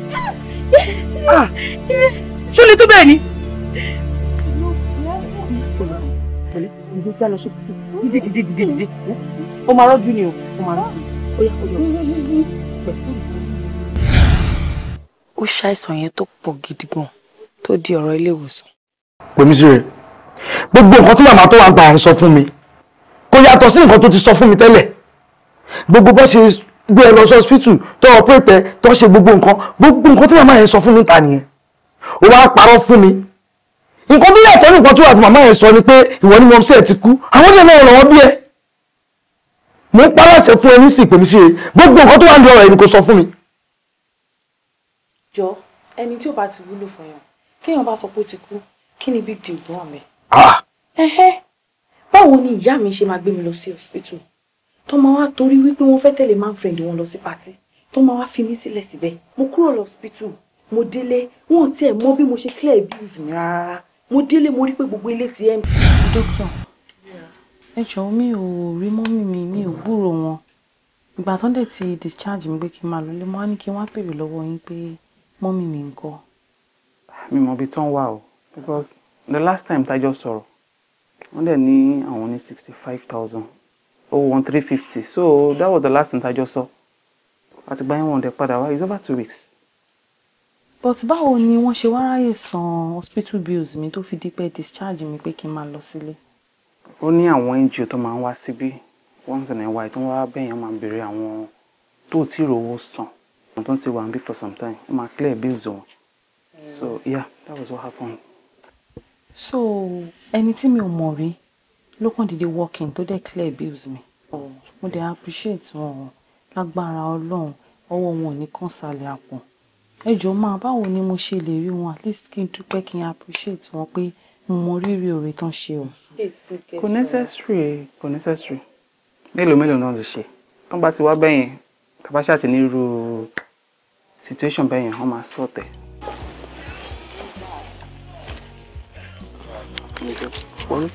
Ṣó lè tó bẹ́ẹ̀ ni? Pẹ̀lú ìdí kí a lọ sókè. Ó máa rọ́jú ni o. Ó máa rọ́jú. Ó yá kó yọ ó ṣàìsàn yẹn tó pọ̀ gidi gan tó di ọ̀rọ̀ ilé ìwòsàn. pèmí sí rẹ gbogbo nǹkan tí màmá tó wà gbà ń sọ fún mi kò yàtọ̀ sí nǹkan tó ti sọ fún mi tẹ́lẹ̀ gbogbo bó ṣe gbé ẹ lọ sí ọsibítù tó ọpẹ́tẹ tó ṣe gbogbo nǹkan gbogbo nǹkan tí màmá yẹn sọ fún mi ta nìyẹn ó wá parọ́ fún mi nǹkan bí yàtọ̀ nìkan tó àti màmá yẹn sọ ni pé ìwọ ni mọ̀ọ́sẹ̀ ti kú àwọn ọdẹ náà lọ́wọ́ bí ẹ mo ń pa láṣẹ fún ẹ ní sìn pèmí gbogbo nǹkan tó wà ní ọ̀rọ̀ ẹni kò sọ fún mi jọ ẹni tí ó bá ti wúlò fún yàn kéèyàn bá sọ pé ó ti kú kí ni big deal tó wà mẹ́. Ah! ẹhẹ́ báwo ni ìyá mi ṣe máa gbé mi lọ sí hospital tó máa wá torí wípé wọ́n fẹ́ tẹ̀lé man friend wọn lọ sí party tó máa wá fi mí sílẹ̀ síbẹ̀ mo kúrò lọ hospital mo délé wọn ò tiẹ̀ mọ bí mo ṣe clear bills mi rárá mo délé mo rí pé gbogbo ilé ti empty. doctor ẹ jọ̀ọ́ mi ò rí mọ́mì mi mi ò gbúrò wọn ìgbà tó ń dẹ̀ ti discharge mi pé kí n máa lọ lé mo wá ní kí n wá pèrè lọ́wọ́ yín pé mọ́mí mi ńkọ́. mi mọ ibi tán wà o because the last time tájọ sọ̀rọ̀ wọ́n dẹ̀ ní àwọn ní sixty five thousand oh one three fifty so that was the last time tájọ sọ àtìgbà yẹn wọ́n dẹ̀ padà wá is over two weeks. but báwo ni wọ́n ṣe wá ráyè san hospital bills mi to fi di discharge mi pe kí n máa lọ sílé. ó ní àwọn NGO tó máa ń wá once in a while tí wọ́n wá bẹ́yẹn máa ń béèrè àwọn tó ò san I don't see one before some time My clear bills wọn so mm. yeah that was what happened. so anything tí mi ò mọ̀ rí ló kàn dédé walk in tó dẹ̀ clear bills mi oh. mo dẹ̀ appreciate wọn o lágbára ọlọ́run ọwọ́ wọn ò ní kàn sálẹ̀ àpọ̀ ẹ jọ̀ọ́ máa báwo you mo ṣe lè rí wọn at least kí n dúpẹ́ kí n appreciate wọn pé mo mọ rírì oore tán ṣe o. kò necessary kò necessary mélòó mélòó náà ti ṣe tán bá ti wá bẹ́yẹn tàbá ṣáà ti ní situation bẹ́ẹ̀ yẹn wọ́n máa sọ̀tẹ̀. One.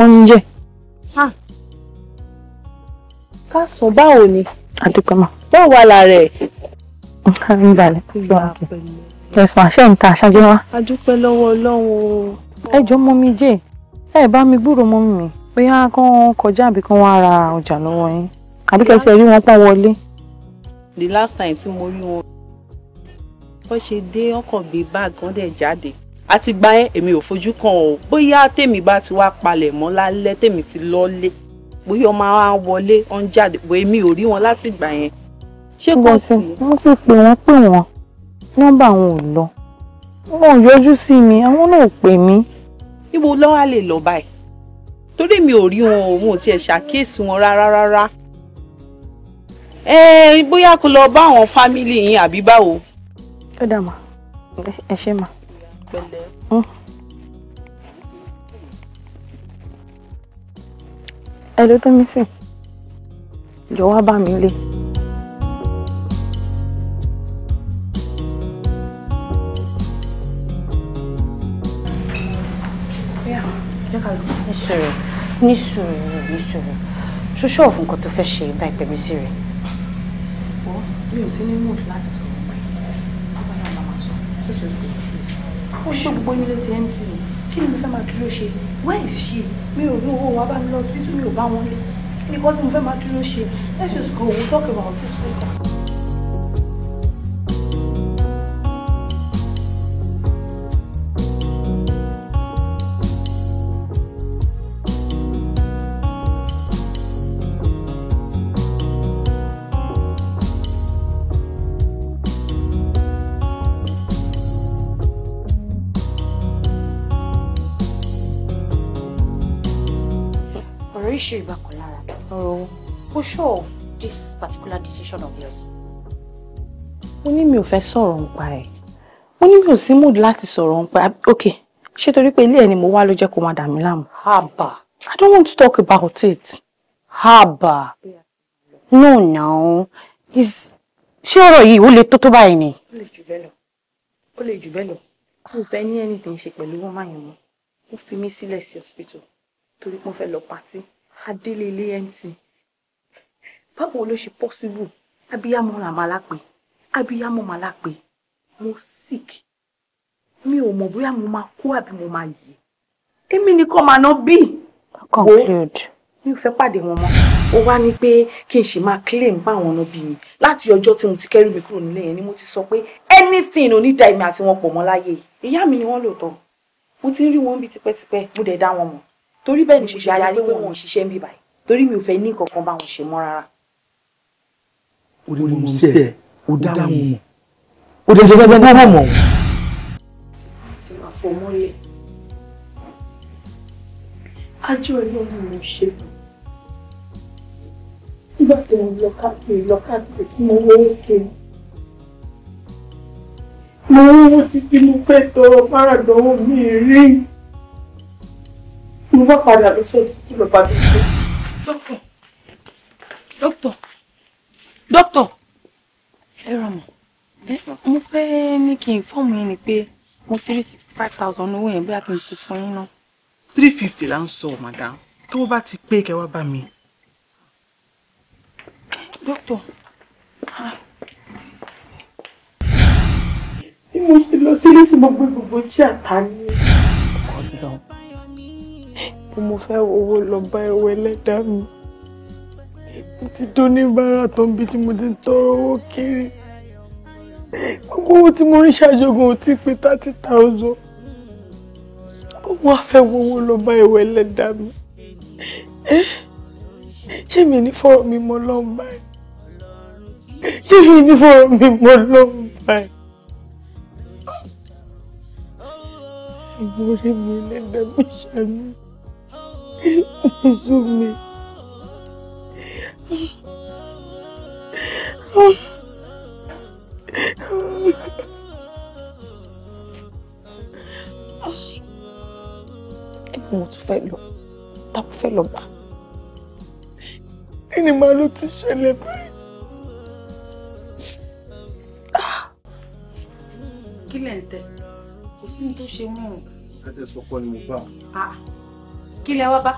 oúnjẹ. ká sọ báwo ni. àdìpẹ́mọ̀. báwo wà lára ẹ̀. [LAUGHS] ń balẹ̀ ẹ̀sùn àṣẹ ń ta aṣáájú wa. a dúpẹ́ lọ́wọ́ Ọlọ́run. ẹ jọ̀ọ́ mọ mi jẹ́ ẹ bá mi gbúrò mọ́ mi bóyá kán kọjá àbí kán wá ra ọjà lọ́wọ́ yín àbí kẹsì ẹ rí wọn pọ́n wọlé. the last time tí mo rí wọn wọ́n ṣe dé ọkàn gbé báàgì wọ́n dẹ̀ jáde àti gba ẹ́ èmi ò fojú kan o bóyá tèmi bá ti wá palẹ̀ mọ́ lálẹ́ tèmi ti lọ́lé bóyá ọmọ wa wọlé ọ̀n jáde bóyá èmi ò rí wọn láti ìgbà yẹn. ṣé kò sí. mo ti pè wọ́n pè wọ́n nọ́mbà wọn ò lọ wọn ò yọjú sí mi àwọn náà ò pè mí níbo lọ́wọ́ lè lọ báyìí torí mi ò rí wọn òun ò tiẹ̀ ṣàkíyèsí wọn rárá rárá bóyá kó lọ bá àwọn fámìlì yín àbí báwo. ó dà mà ẹ ṣe mà. ẹ ló tó mí sìn jọ̀wọ́ bá mi lé. ní sùúrù ní sùúrù ṣoṣo ọ̀fun nǹkan tó fẹ́ ṣe báyìí pẹ̀lú sí rẹ̀. ọ mi ò sí ní mood láti sọ̀rọ̀ pé abáyá màmá sọ this is good place ó ṣe gbogbo nílé ti mt kí ni mo fẹ́ máa dúró ṣe where is she mi ò ní owó wa bá mi lọ síbítù mi ò bá wọn lé kí ni kọ́ tí mo fẹ́ máa dúró ṣe let's just go we'll talk about this later. ṣe ìgbàkan lára ọ̀rọ̀ wọn ó ṣọ́ this particular decision of yours. mo ní mi ò fẹ́ sọ̀rọ̀ nípa ẹ̀ mo ní mi ò sí mood láti sọ̀rọ̀ nípa ẹ̀ ok ṣé torí pé ilé ẹ̀ ni mo wá ló jẹ́ kó máa dà mí láàmú. haba. I don't want to talk about it. haba. No, no now is ṣé ọ̀rọ̀ yìí ó le tó tó báyìí ni. ó lè jù bẹ́ẹ̀ lọ ó lè jù bẹ́ẹ̀ lọ mo fẹ́ ní anything ṣe pẹ̀lú woman yẹn mọ́ ó fi mí sílẹ̀ sí hospital torí mo fẹ́ lọ party adélélé mt báwo ló ṣe pọ́síbù abiyamọ làmàlápè abiyamọ màlápè mo sick mi ò mọ̀ bóyá mo máa kú àbí mo máa yè èmi nìkan mà ná bí wo mi ò fẹ́ pàdé wọn mọ́ ó wá ní pé kí n ṣe máa claim báwọn ọ̀nà bí mi láti ọjọ́ tí mo ti kẹ́rù mi kúrò nílé yẹn ni mo ti sọ pé anything onídàá èmi àti wọn pọ̀ mọ́ láyé ìyá mi ni wọ́n lò tọ́ mo ti ń rí wọn bí tipẹ́tipẹ́ mo dẹ̀ dá wọn mọ̀ torí bẹ́ẹ̀ ni mo ṣe ara rí pé wọn ò ṣiṣẹ́ ń bí báyìí torí mi ò fẹ́ ní nǹkan bá wọn ṣe mọ́ rárá. onímọ̀ sí ẹ̀ ó dá wọn mọ̀ ó dẹ̀ ṣe gẹ́gẹ́ bí wọ́n mọ̀ wọn. tí màá fọ mo ṣe nígbà tí mo lọ káàkiri lọ káàkiri tí mo wọ òkè mo wọ́n ti fi mo fẹ́ tọrọ fáradọ̀wọ́ mi rí mo bá padà lọ sí ọtí tí mo bá dé sí. dókítà dókítà dókítà ẹ mo fẹ́ ní kí n fọ́ọ̀mù yín ni pé mo ti rí sixty five thousand owó yẹn bóyá kí n kó fún yín náà. three fifty la ń sọ madam tó o bá ti pé kẹwàá bá mi. dókítà bí mo ṣe lọ sílé tí mo gbé gbogbo tí àtà ní. ọlọ́run kú mo fẹ́ owó lọ bá ẹwọ ẹlẹ́dàá mi mo ti tó ní bára tán bí tí mo ti ń tọrọ owó kiri gbogbo owó tí mo rí ṣàjọgùn ò pé thirty thousand mo wá fẹ́ wo owó lọ bá ẹwọ ẹlẹ́dàá mi ṣé mi ní fọ̀rọ̀ mi mọ́ lọ́hùn báyìí ṣé mi ní fọ̀rọ̀ mi mọ́ lọ́hùn báyìí. ìmúrí mi lẹ́dàá mi ṣàmì. Jésù mi. Ẹ̀gbọ́n mo tún fẹ́ lọ, táwọn fẹ́ lọ bá. Kí ni màá ló tún ṣẹlẹ̀ báyìí? Kí lẹ̀ ń tẹ̀? Kò sí ní tó ṣe wọ́n. Ẹ tẹ́ sọ pé ni mo bá ah kí lẹ wá bá.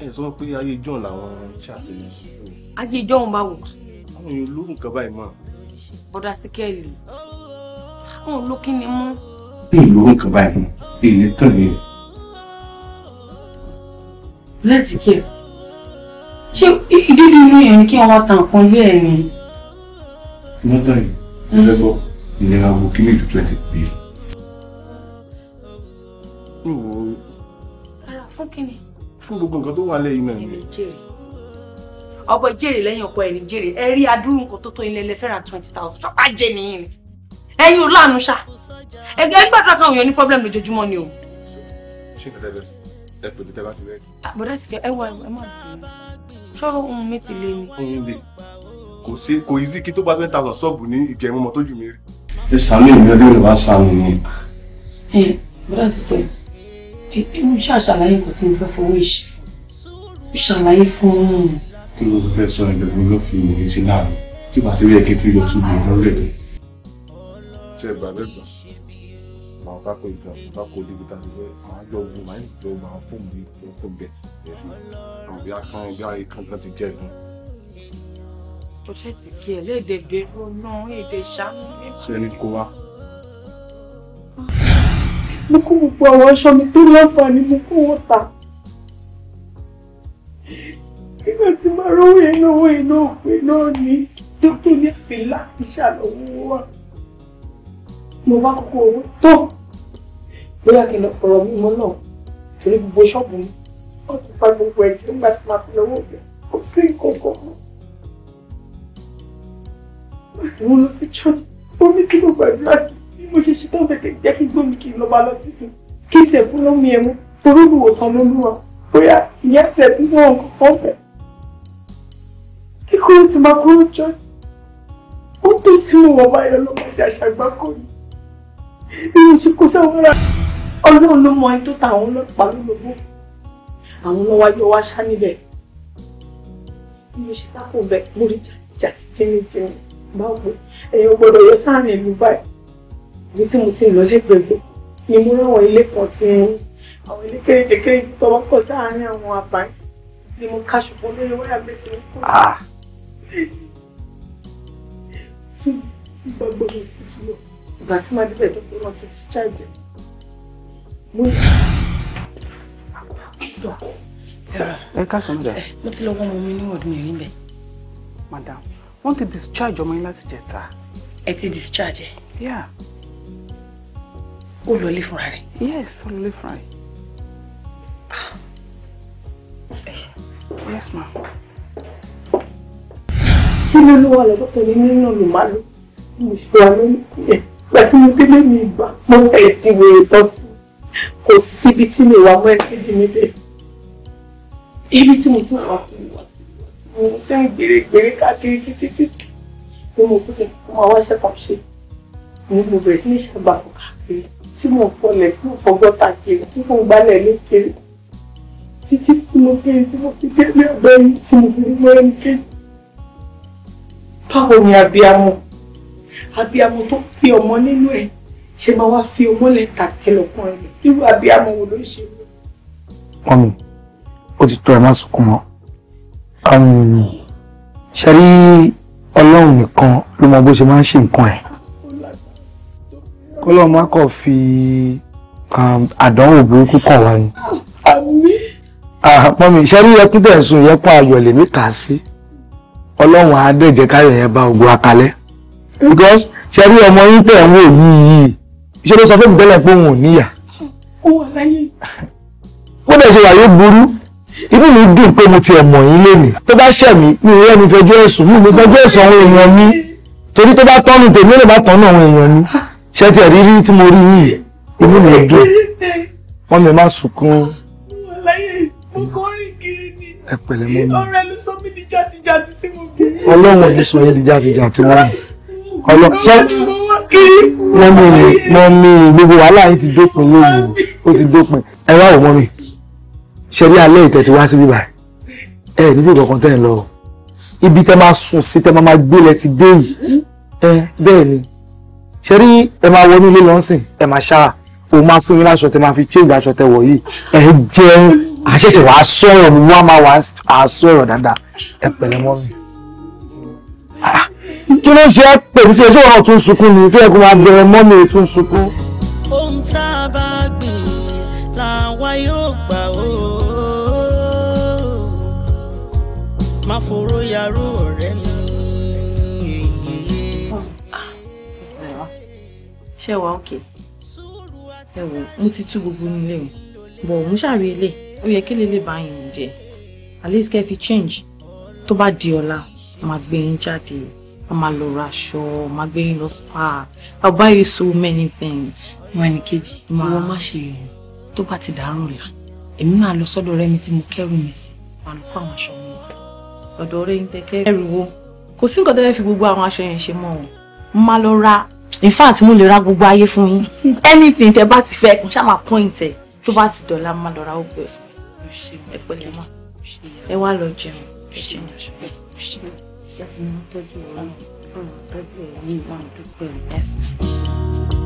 ẹ sọ pé ayé john làwọn ṣáàtì ní. ayé john bá wò. àwọn èèyàn ló ń báyìí mọ. bọ́dà síkẹ́ẹ̀lì àwọn ló ni mú. bí ìlú ń báyìí mọ bí ilé tán ni. láti kí ẹ ṣé ìdílé inú yẹn kí wọn tàn kan lé ẹ ni. tí wọ́n tàn yìí ló fẹ́ ìlera wo kí ní ìlú twenty three fún kíni. fún gbogbo nǹkan tó wà lẹ́yìn náà ni. èmi jèrè ọkọ jèrè lẹ́yìn ọkọ ẹni jèrè ẹ rí adúrú nǹkan tó tó ilé ilé fẹ́ràn twenty thousand ṣọ́pá jẹ nìyí ni ẹ̀yin ò láàánú ṣá ẹgbẹ́ gbàdúrà káwọn èèyàn ní problem lójoojúmọ́ ni o. ṣé nǹkan tẹ́ bẹ́ẹ̀ sí ẹ pè mí tẹ́ bá ti rẹ́ẹ̀dì. àbọ̀dá sì kẹ́ ẹ wá ẹ má ṣọ́rọ̀ ohun mi ti lé mi. ohun lè kò sí kò yí sí kí tó bá twenty thousand ṣọ́ọ̀bù ní ìjẹ̀mú ọmọ jù mí rí. ẹ sàmì ìgbẹ́dẹ́ ló mo ṣáà ṣàlàyé nǹkan tí mo fẹ́ fowó ìṣe fún mo ṣàlàyé fún un. kí ló fẹ́ sọ ẹgbẹ́ mi ló fi ìwé sí láàrin tí bàtí bí ẹ̀kẹ́ tí yọ tún mi lọ́rẹ̀ mi. ṣe ìgbàlẹ̀ gbà màá bá kó ìgbà bá kó débi tá a ti fẹ́ màá jọ ogun màá jọ màá fún mi lọ fún bẹ́ẹ̀ àwọn bí akán bí ayé kankan ti jẹ́ gan. kò tẹ́sí kí ẹ̀ léde bẹ̀rù náà èdè mo kó gbogbo àwọn aṣọ mi tó láǹfààní mo kó wọn tà nígbà tí máa rówó ìnáwó iná òpè náà ní dókítà ní àfìlà ìṣàlọ́wọ́ wa mo bá kọ́kọ́ owó tó bóyá kí n lọ fọ̀rọ̀ mi mọ́ náà torí gbogbo ṣọ́ọ̀bù mi wọ́n ti pa gbogbo ẹ̀jẹ̀ nígbà tí máa fi lọ́wọ́ mi kò sí nǹkan kan mọ́ láti mú lọ sí ṣọ́ọ̀bù omi tí mo gbàdúrà sí mo ṣe ṣetán kẹ̀kẹ́ jẹ́ kí gbómi kì í lọ bá lọ sí tu kí tiẹ̀ fún lómi ẹ̀mú torúbùwò tán lólúwa bóyá ìyá tiẹ̀ tí wọ́n kọ̀ọ̀kan bẹ̀. kíkúrò ti máa kúrò church ó tó tí mo wọ̀ báyọ̀ lọ́mọdé àṣàgbákò ni bí mo ṣe kó sáwọn ará ọlọ́run ló mọ ẹni tó ta àwọn ọlọ́pàá lólobó àwọn lọ́wájú wa ṣá níbẹ̀ bí mo ṣe sáko ibi tí mo ti lọ lẹ́gbẹ̀gbẹ̀ ni mo ráwọn ilé kan ti ń àwọn ilé kéréjekéré tọwọ́ pọ̀ sáàárín àwọn àbá ni mo ká ṣùgbọ́n lórí wáyà bẹ́ẹ̀ ti ń kọ́. tún gbàgbọ́ mi sí ti lọ ìgbà tí màá débẹ̀ tó kúrò ti ti ṣáàjẹ́ mo ń gbà. ẹ káàsán madam. Eh, mo ti lọ wọ́n ọmọ mi ní ọdún mẹ́rin bẹ́ẹ̀. madam wọ́n ti discharge ọmọ yín láti jẹta. ẹ ti discharge ẹ. yeah ó fúnra rẹ̀. yes ó lọlé fúnra rẹ̀. yes ma. ṣé lóluwà lọ́dọ̀ tẹ̀lé nínú olùmọ́lò mo ṣe wà lórí ẹ̀ pẹ̀sí mi délé mi ìgbà mo fẹ́ ìdíwé ìtọ́ sí kò síbi tí mi wà mọ́ ẹ̀kejì mi dé ibi tí mo ti wà kiri wà mo ti ń gbèrègbèrè káàkiri títí títí pé mo kúkẹ́ mo àwọn iṣẹ́ kan ṣe mo bẹ̀rẹ̀ sí ní ṣàgbà kò káàkiri tí mò ń kọlẹ̀ tí mò ń fọgọ́ta kiri tí mò ń gbálẹ̀ lékiri títí tí mo fi tí mo fi délé ọ̀dọ́ yìí tí mo fi rímọ́ ẹni kejì. báwo ni abiyamọ abiyamọ tó fi ọmọ nínú ẹ ṣe máa wá fi ọmọ lẹ́ta tẹlọkùnrin rẹ irú abiyamọ wo ló ń ṣe. mọ́mi ó ti tó ẹ má sunkún mọ́ ṣe rí ọlọ́run nìkan ló mọ bó ṣe máa ń ṣe nǹkan ẹ̀ kọ́lọ́ọ̀ má fi um, àdánwò burúkú kàn wá ni. àmín. Ah, mọ́mí ìṣẹ́rí yẹkún tẹ̀ ń sun yẹkún ayọ̀ lèmi kà á sí ọlọ́run á dẹ̀ jẹ́ káyọ̀ yẹn bá ogun akalẹ̀ because ṣẹ́rí ọmọ yín tẹ̀ ń wò yìí yìí ṣe ló sọ fún mi tẹ́lẹ̀ pé òun ò níyà. ó wà láyé. ó dẹ̀ ṣe wàyé burú inú mi dùn pé mo tiẹ̀ mọ̀ yín lénìí tó bá ṣẹ̀ mí mi ìrẹ́ mi fẹjọ́ ẹ̀sùn mi mi fẹjọ́ ẹ̀sùn àwọn èèyàn mi torí tó bá tọ́nu tèmi ó lè bá tọ́nu àwọn èèyàn mi ṣé tí ẹ̀ rí rí tí mo rí yìí inú mi dùn wọ́n mi máa sunkún. ọláyé mo kọ́ rìn kiri ni ọ̀rẹ́ ló sọ mí di jàtijàti tí mo bí. ọlọ́run ló sọ yẹn di jàtijàti wọn ọlọ́ṣẹ́ mọ́mí mọ́mí gbogbo wàhálà yìí ti dópin lóyún ó ti dópin ẹ wá wò mọ́mí ṣe rí alẹ́ ìtẹ̀tí wá sí bíbá ẹ níbi ìkọ̀kan tẹ̀ ń lọ ibi tẹ́ máa sùn sí tẹ́ máa gbé lẹ ti dé yìí ẹ bẹ́ẹ̀ ni ṣe rí ẹ máa wọnú ilé lọ́nsìn ẹ máa ṣáà o máa fún yín láṣọ tẹ máa fi change aṣọ tẹ wọ̀ yìí ẹ jẹun àṣẹṣẹ wàá sọ̀rọ̀ mi wọ́n á máa wàá sọ̀rọ̀ dáadáa ẹ pẹ̀lẹ́ mọ́ mi. Ah, kí ló ń ṣe é pè mí sí ẹ ṣé tún sunkún ni tó yẹ kó máa bẹ̀rẹ̀ mọ́ mi tún sunkún. ohun tá a bá gbìn làwa yóò gbà ó máa foró yarú ọ̀rẹ́ mi. ṣe wà òkè ẹ wò mo ti tú gbogbo nílé mi bọ̀ mo ṣàrí ilé ó yẹ kí lélẹ̀ bá yín jẹ at least kẹ́ fi change tó bá di ọ̀la máa gbé yín jáde máa lọ ra aṣọ máa gbé yín lọ spa I buy you so many things. wọn ni kejì wọn má ṣe yẹn tó bá ti dàárọ̀ la èmi máa lọ sọ́dọ̀ ọ̀rẹ́ mi tí mo kẹ́rù mi sí máa lọ kó àwọn aṣọ mi wá. ọ̀dọ̀ ọ̀rẹ́ yín tẹ kẹ́rù wo kò sí nǹkan tó fẹ́ fi gbogbo àwọn aṣọ yẹn ṣe mọ́ ọ máa lọ ra in fact mo lè ra gbogbo ayé fún yín [LAUGHS] anything tẹ bá ti fẹ́ kún ṣáà máa point ẹ tó bá ti dọ̀la máa lọ ra ogun ẹ fún ẹ pẹ̀lẹ́ mọ́ ẹ wá lọ jẹun ẹ jẹun ẹ sì máa tọ́jú ẹ máa tọ́jú ẹ ní ìwà àdúgbò ẹ.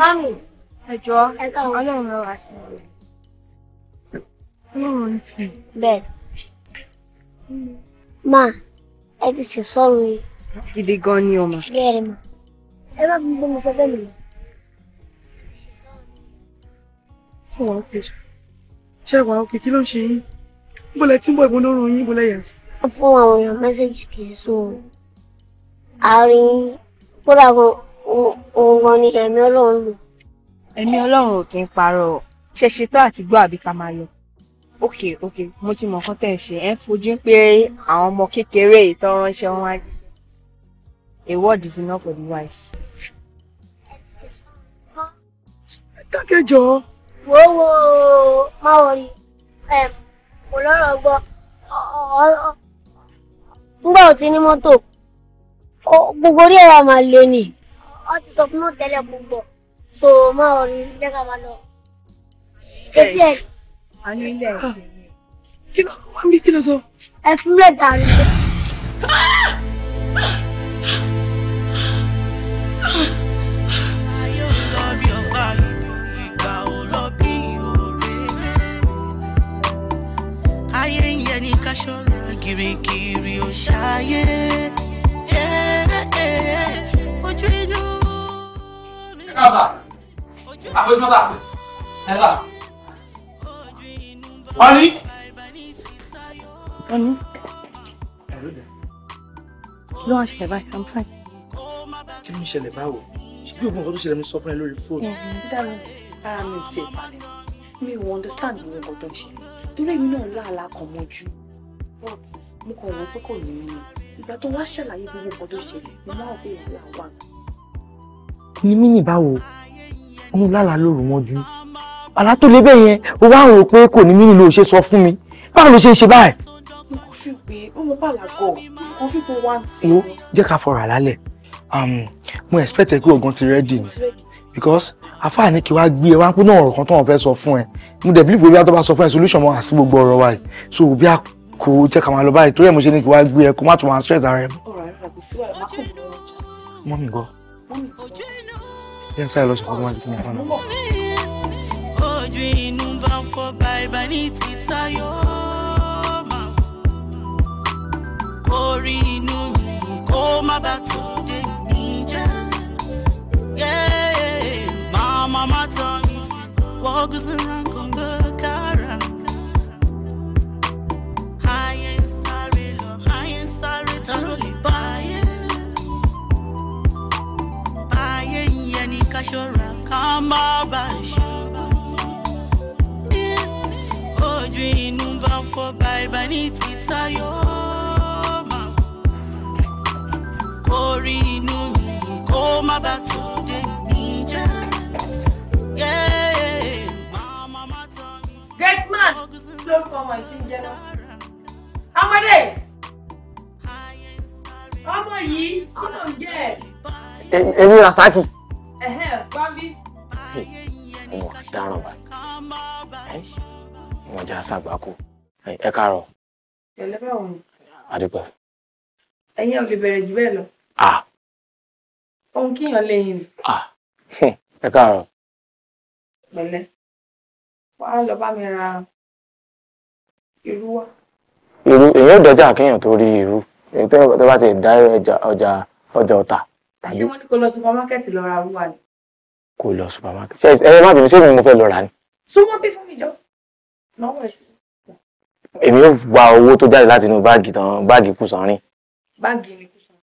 Mami. Ẹjọ́ Ọlọ́run rọ wá sí i. Ọlọ́run ti. Bẹ́ẹ̀ ma ẹ ti ṣe sọ́run yìí. Gidi gan ni ọmọ. Bẹ́ẹ̀ni ma ẹ má fi gbọ́mọ sọ bẹ́ẹ̀ mi. Ṣé wàá òkè ṣe? Ṣé wàá òkè kí ló ń ṣe yín? Bọ́lẹ̀ tí ń bọ̀ ìbọn lọ́rùn yín bọ́lẹ̀ yà sí. fún àwọn èèyàn mẹ́sẹ̀gì kì sún o. Àárín kódà gan òun gan ni ẹ̀mí ọlọ́run lò. ẹ̀mí ọlọ́run ò kì í parọ́ ṣe ṣetó àti gbọ́ àbí ká máa lọ. ok ok mo ti mọ nǹkan tẹ̀ ń ṣe ẹ̀ ń fojú pé àwọn ọmọ kékeré ìtọ́ránṣẹ́ wọn á jí. a word is enough for the wise. dákẹ́jọ́. wo wo má wọrí kò lọ́rọ̀ gbọ́ ńgbà ò ti ní mọ́tò gbogbo orí ẹ̀rọ máa le ni ọ ti sọ fún náà tẹ́lẹ̀ kó gbọ́ so má ò rí jẹ́ ká máa lọ. etí ẹ̀. àní ilé ẹ̀ ṣe ni. kí ló wá mi kí ló sọ. ẹ fún mi ẹ̀dá rẹ. ayé ń yẹ ní ojú inú ẹ ká bá àfojúmọ́sà ẹ bá. ọ̀ní. ọ̀ní. kí ló wá ṣẹlẹ̀ báyìí i'm fine. kí ló ń ṣẹlẹ̀ báwo ṣé bí oògùn kan tó ṣẹlẹ̀ mi sọ fún ẹ lórí fóònù. dára ara mi ti balẹ̀ mi ò understand gbogbo nǹkan tó ń ṣẹlẹ̀ torí èmi náà láàlá kan mọ́jú but mo kàn wọ́n pé kò ní nínú ìgbà tó wá ṣàlàyé gbogbo nǹkan tó ṣẹlẹ̀ mo máa ń fi ìyàwó àwọn àgbà ní mínì báwo mú lálàá lóru mọ́jú àlá tó lé bẹ́ẹ̀ yẹn ó wá rò pé kò ní mínì ló ṣe sọ fún mi báwo ló ṣe ṣe báyìí. mo kò fi pé ó mo bàlá gọ mo fi pé wá ń tì. ó jẹ́ ká fọ̀rọ̀ àlálẹ̀ um, mo expect ẹ kí ọ̀gán ti rẹ́dì ni because àfáà ní kí wá gbé ẹ e wá ń pín náà ọ̀rọ̀ kan tó wọn fẹ́ sọ fún ẹ mo dẹ̀ believe wíwá tó bá sọ fún ẹ solution mọ́ àsí gbogbo ọ̀rọ̀ wa yìí so òbí àkó jẹ́ ká máa lọ báyìí torí ẹ̀ mo ṣe ní kí wá gbé ẹ kó má tún máa stress ara ẹ. ọ̀rọ̀ àìrọ̀ kò sí wàhálà kò ní lọ́wọ́ ọjà. mọ́mí gbọ́. mọ́mí sọ yẹn sáré lọ sọ fún ọmọdé kí n ojú inú bá ń fọ bàìbà ní títà yóò máa kó rí inú kó má bàa tó dé mi jẹ́ máa má tán mi sí wọ́gùsùn rán. Táyọ̀ máa kó rí inú mi kó má bàa tó dé mi jẹ́. gateman ló kọ ọmọ ìsinjẹ náà ọmọdé ọmọ yìí kí ló ń jẹ. èmi rasaki. bambi. ọmọ ọ̀daràn báyìí wọn já sàgbákò ẹ káàárọ̀ pẹ̀lẹ́ báwo ni. adúpẹ́. ẹ̀yin ò lè bẹ̀rẹ̀ jù bẹ́ẹ̀ lọ. ohun kíyàn lẹ́yìn ni. ẹ káàárọ̀. pẹ̀lẹ́ wàá lọ bá mi ra irú wá. irú èyí ò dọjà kéèyàn tó rí irú èyí tó bá ti dá ọjà ọjà ọ̀tà. àṣé wọn ní kó lọ supamákẹ́ẹ̀tì lọ ra irú wa ni. kó lọ supamákẹ́ẹ̀tì ṣe ẹ má bínú ṣé mi mo fẹ́ lọ rà ni. súnmọ́ bí fún mi jọ náwó ẹ̀sìn èmi yóò gba owó tó jáde láti inú báàgì tán báàgì kùsàn rìn. báàgì ni kùsàn.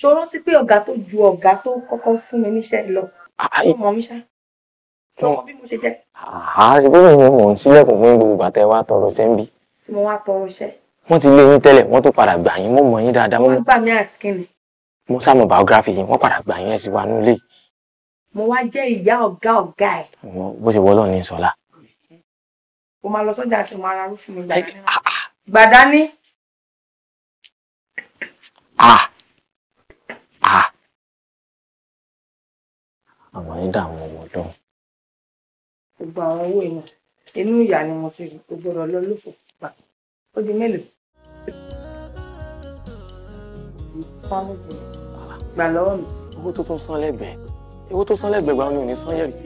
ṣó rántí pé ọ̀gá tó ju ọ̀gá tó kọ́kọ́ fún mi níṣẹ́ lọ. ọmọ ah, mi ṣá. ọmọ bí mo ṣe jẹ. Ah, ṣé bóyá ni mò ń sílẹ̀kùn fún gbogbo bàtà ẹ wá tọrọ ṣẹ́ ń bí. tí mo wá tọrọ ṣẹ́. wọ́n ti lé yín tẹ́lẹ̀ wọ́n tún padà gbà yín mo mọ̀ yín dáadáa. wọ́n gbà mí àsìkìnì. mo sá mọ biography yín wọ́n padà gbà yín ẹ̀ sí wa nílé. mo wá jẹ́ ìyá ọ̀gá ọ̀gá ẹ̀. bó ṣe wọ́ ọlọ́run ní sọlá o máa lọ sọ́jà àti ọmọ ara rú fún mi gbàdání. gbàdání. àwọn ẹ̀dá àwọn ọmọ ọdún. gbogbo àwọn owó ìmọ̀ inú ìyá ni mo ti rí gbogbo ọ̀rọ̀ lọ lófò pa ó di mélòó. sálẹ̀bẹ̀ gbà lọ́wọ́ mi. owó tó tún san lẹ́gbẹ̀ẹ́ owó tó san lẹ́gbẹ̀ẹ́ gbà ni ò ní san yẹ̀rì.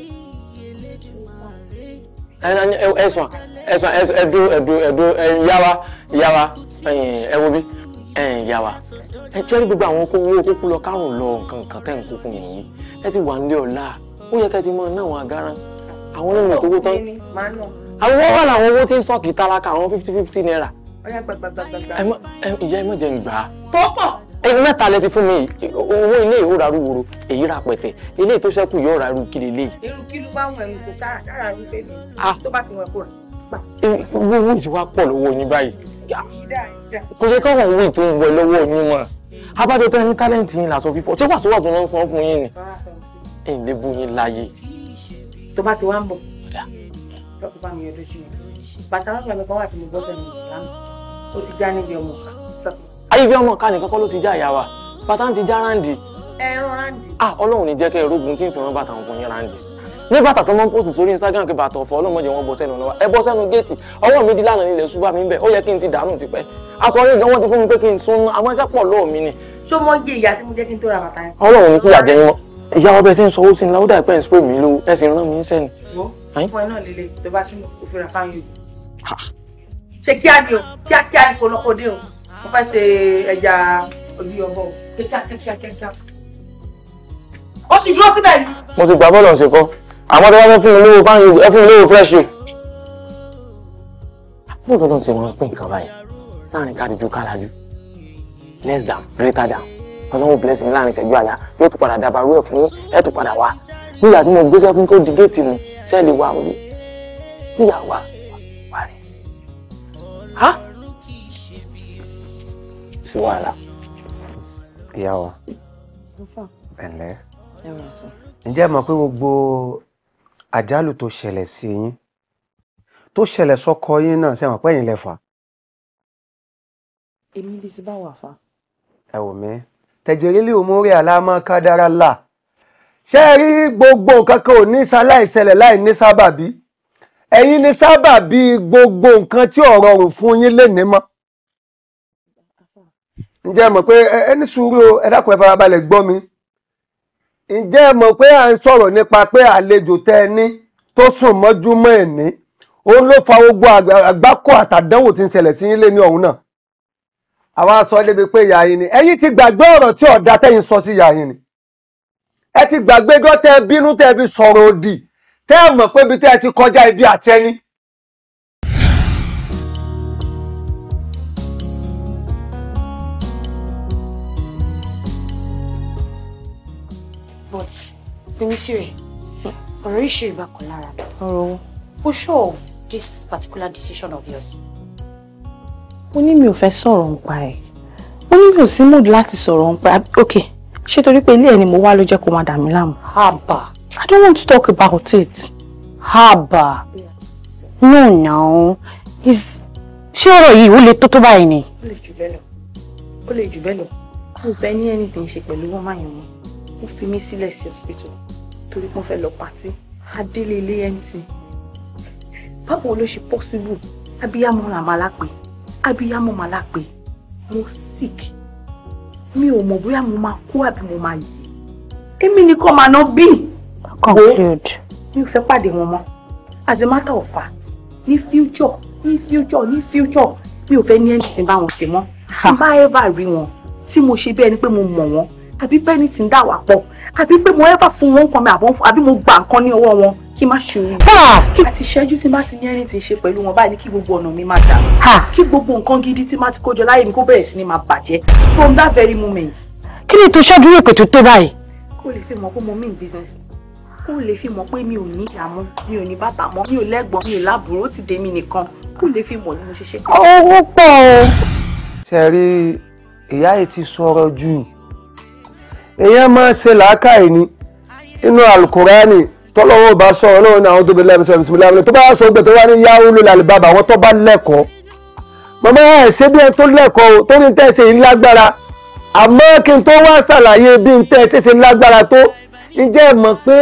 ẹ ẹ ẹ sùn ẹ̀sán ẹ̀dó ẹ̀dó ẹ̀dó yáwa yáwa ẹ̀ wo bí yàwá ẹ jẹ́rí gbogbo àwọn owó kókó lọ kárùn lọ nǹkan kan tẹ́ ń kó fún yìí ẹ ti wà nílé ọ̀la ó yẹ ká ti mọ náà àwọn àgárá àwọn onímọ̀ ìkókó tán àwọn wọ́n wà láwọn owó tí ń sọ̀kì tálákà àwọn fifty fifty naira ìyá ẹ mọ̀ jẹ́ ń gbà á. pọ́pọ̀. ẹyin mẹ́ta lẹ ti fún mi owó ilé ìwò ràrú woro èyí rà pẹ̀tẹ̀ ilé tó ṣẹ́kù yóò ràrú kiri lé. irú kí ló bá wọn ẹ̀rù kò kára kára rú pé mi ah. tó bá ti wọn kó rà wíwí ti wá pọ̀ lọ́wọ́ yín báyìí kò yẹ káwọn owó ètò ń wọ lọ́wọ́ yín mọ́ abájọ tẹ́ ní tálẹ́ǹtì yín làṣọ fífọ́ ṣé wàásù wàásù náà ń san fún yín ni ẹ̀yìn lè bú yín láyé. tó bá ti wá ń bọ̀ lọ́kùn bá mi yọ lójú yẹn bàtà lọ́kùn mi kan wà tí mo gbọ́ sẹ́nu lánàá ó ti já níbi ọmọ ọ̀ka. ayé bí ọmọ ọ̀ka nìkan kọ́ ló ti já ìyá wa bàtà ń ti já ráǹdì. ẹran ráǹdì. ah ọlọ́run ní jẹ́ kẹ́ ẹ rógun tí ń fi wọn bàtà ń fún ní bàtà tó máa sórí Instagram pé bàtà ọ̀fọ̀ ọlọ́mọdé wọn bọ́ sẹ́nu ọ̀nà wa ẹ bọ́ sẹ́nu géètì ọwọ́ mi di lánàá nílẹ̀ ṣùgbọ́n mi ń bẹ̀ ó yẹ kí n ti dààmú tipẹ́ aṣọ orí ìdánwò ti fún mi pé kí n sún àwọn iṣẹ́ pọ̀ lọ́ọ̀ mi ni. ṣó mọ iye ìyá tí mo jẹ́ kí n tó ra bàtà yẹn. ọlọ́run ní kí ìyá jẹ yín mọ́ ìyá ọbẹ̀ ṣe ń sọ ó sì ń láwùdà ìpẹ́ ìsìnkú mi ló ẹ sì rán mi ń sẹ́ni. ọmọ iná líle tó bá tún ni mo fẹ́ ṣe ó sì dúró síbẹ̀ ni. mo ti gbà bọ́ọ̀lù ọ̀sẹ̀ kan àwọn tó bá fẹ́ fún mi lówó fáwọn ẹ fún mi lówó fresh o. bó dandan ti máa ń pín nǹkan báyìí láàrin kádìjú kálàjú less than greater than ọlọ́wọ́ bless mi láàrin ìṣẹ́jú àlá yóò tún padà dàbàrú ẹ̀ fún ẹ̀ tún padà wá nígbà tí mo gbéṣẹ́ fún kó di géètì mi sẹ́ẹ̀lì wa òde níyà wa wà rẹ̀ ha sí wàhálà. ìyá wa ẹ̀lẹ́ ǹjẹ́ mọ̀ pé gbogbo àjálù tó ṣẹlẹ̀ sí yín tó ṣẹlẹ̀ sọ́kọ yín náà ṣe mọ̀ pẹ́yìn ẹ̀yin ti bá wà fa ẹ wò mí lè mú rí kádàrá là ṣé ẹ rí gbogbo nǹkan kan ò ní sa láì ní sábàbí gbogbo nǹkan tí fún yín mọ́ ǹjẹ́ mọ̀ pé ẹni sùúrù mi ǹjẹ́ mọ̀ pé à ń sọ̀rọ̀ nípa pé àlejò tẹ ẹ ní tó sùn mọ́júmọ́ ẹ̀ ní òun ló fa gbogbo àgbákò àtàdánwò tí ń ṣẹlẹ̀ sí ilé ní ọ̀hún náà àwa sọ débi pé ìyá yín ni ẹ̀yin ti gbàgbé ọ̀rọ̀ tí ọ̀dà tẹ́yìn sọ sí ìyá yín ni ẹ ti gbàgbé gọ́ tẹ bínú tẹ fi sọ̀rọ̀ òdì tẹ́ ẹ mọ̀ pé ibi tẹ́ ti kọjá ibi àtẹni Bímí Sire, ọ̀rọ̀ yìí ṣe ìgbà kan lára mi. sure of this particular decision of yours. Mo ní mi ò fẹ́ sọ̀rọ̀ nípa ẹ̀. Mo ní mi ò sí mood láti sọ̀rọ̀ nípa ẹ̀. Ok, ṣé torí pé ilé ẹ̀ ni mo wá ló jẹ́ kó máa dà Haba. I don't want to talk about it. Haba. No, no. Is she ọ̀rọ̀ yìí ó le tó tó báyìí ni. ó lè jù bẹ́ẹ̀ lọ ó lè jù mo fẹ́ ní anything ṣe pẹ̀lú wọ́n máa yàn mí ó fi mí sílẹ̀ sí hospital nítorí pọ́n fẹ́ lọ pàtí adélé ilé mt báwo ló ṣe possible abiyamọ làmàlápè abiyamọ màlápè mo sick mi ò mọ̀ bóyá mo máa kú àbí mo máa yè èmi nìkan mà ná bí. conclude. mi ò fẹ́ pàdé wọn mọ́ as a matter of fact ní future ní future ní future mi ò fẹ́ ní anything bá wọn ṣe mọ́ tí bá ever rí wọn tí mo ṣe bí ẹni pé mo mọ̀ wọn àbí pé anything dà wá pọ̀ àbí pé mo ẹ́fà fún wọn kan mi àbí mo gba nǹkan ní ọwọ́ wọn kí má ṣe orí. àti ṣẹ́jú tí má ti ní ẹni tí ń ṣe pẹ̀lú wọn báyìí ní kí gbogbo ọ̀nà mi máa dà kí gbogbo nǹkan gidi tí má ti kójọ láyé mi kó bẹ̀rẹ̀ sí ni máa bàjẹ́ from that very moment. kí ni tó ṣẹ́jú rèpè tó tó báyìí. kó lè fi mọ̀ pé mo mean business kó lè fi mọ̀ pé mi ò ní ìyá mọ́ mi ò ní bàbá mọ́ mi ò lẹ́gbọ̀n mi ò lábùrò ó ti dé mi nìkan kó lè fi mọ̀ ní mo ṣe ṣe. owó pọ̀ o èèyàn máa ṣe làákàyè ni inú alukurani tọ́lọ́wọ́ bá sọ ọlọ́run náà àwọn tó bẹ̀rẹ̀ lẹ́mísọ̀ bisimilá tó bá sọ gbẹ̀ tó wá ní yahoo ló lálẹ́ bàbá àwọn tó bá lẹ́kọ̀ọ́ màmá ẹ̀ ṣe bí ẹ tó lẹ́kọ̀ọ́ tó ní tẹ̀sí yìí lágbára àmọ́ kí n tó wá ṣàlàyé bí n tẹ̀sí ṣe lágbára tó ǹjẹ́ ẹ mọ̀ pé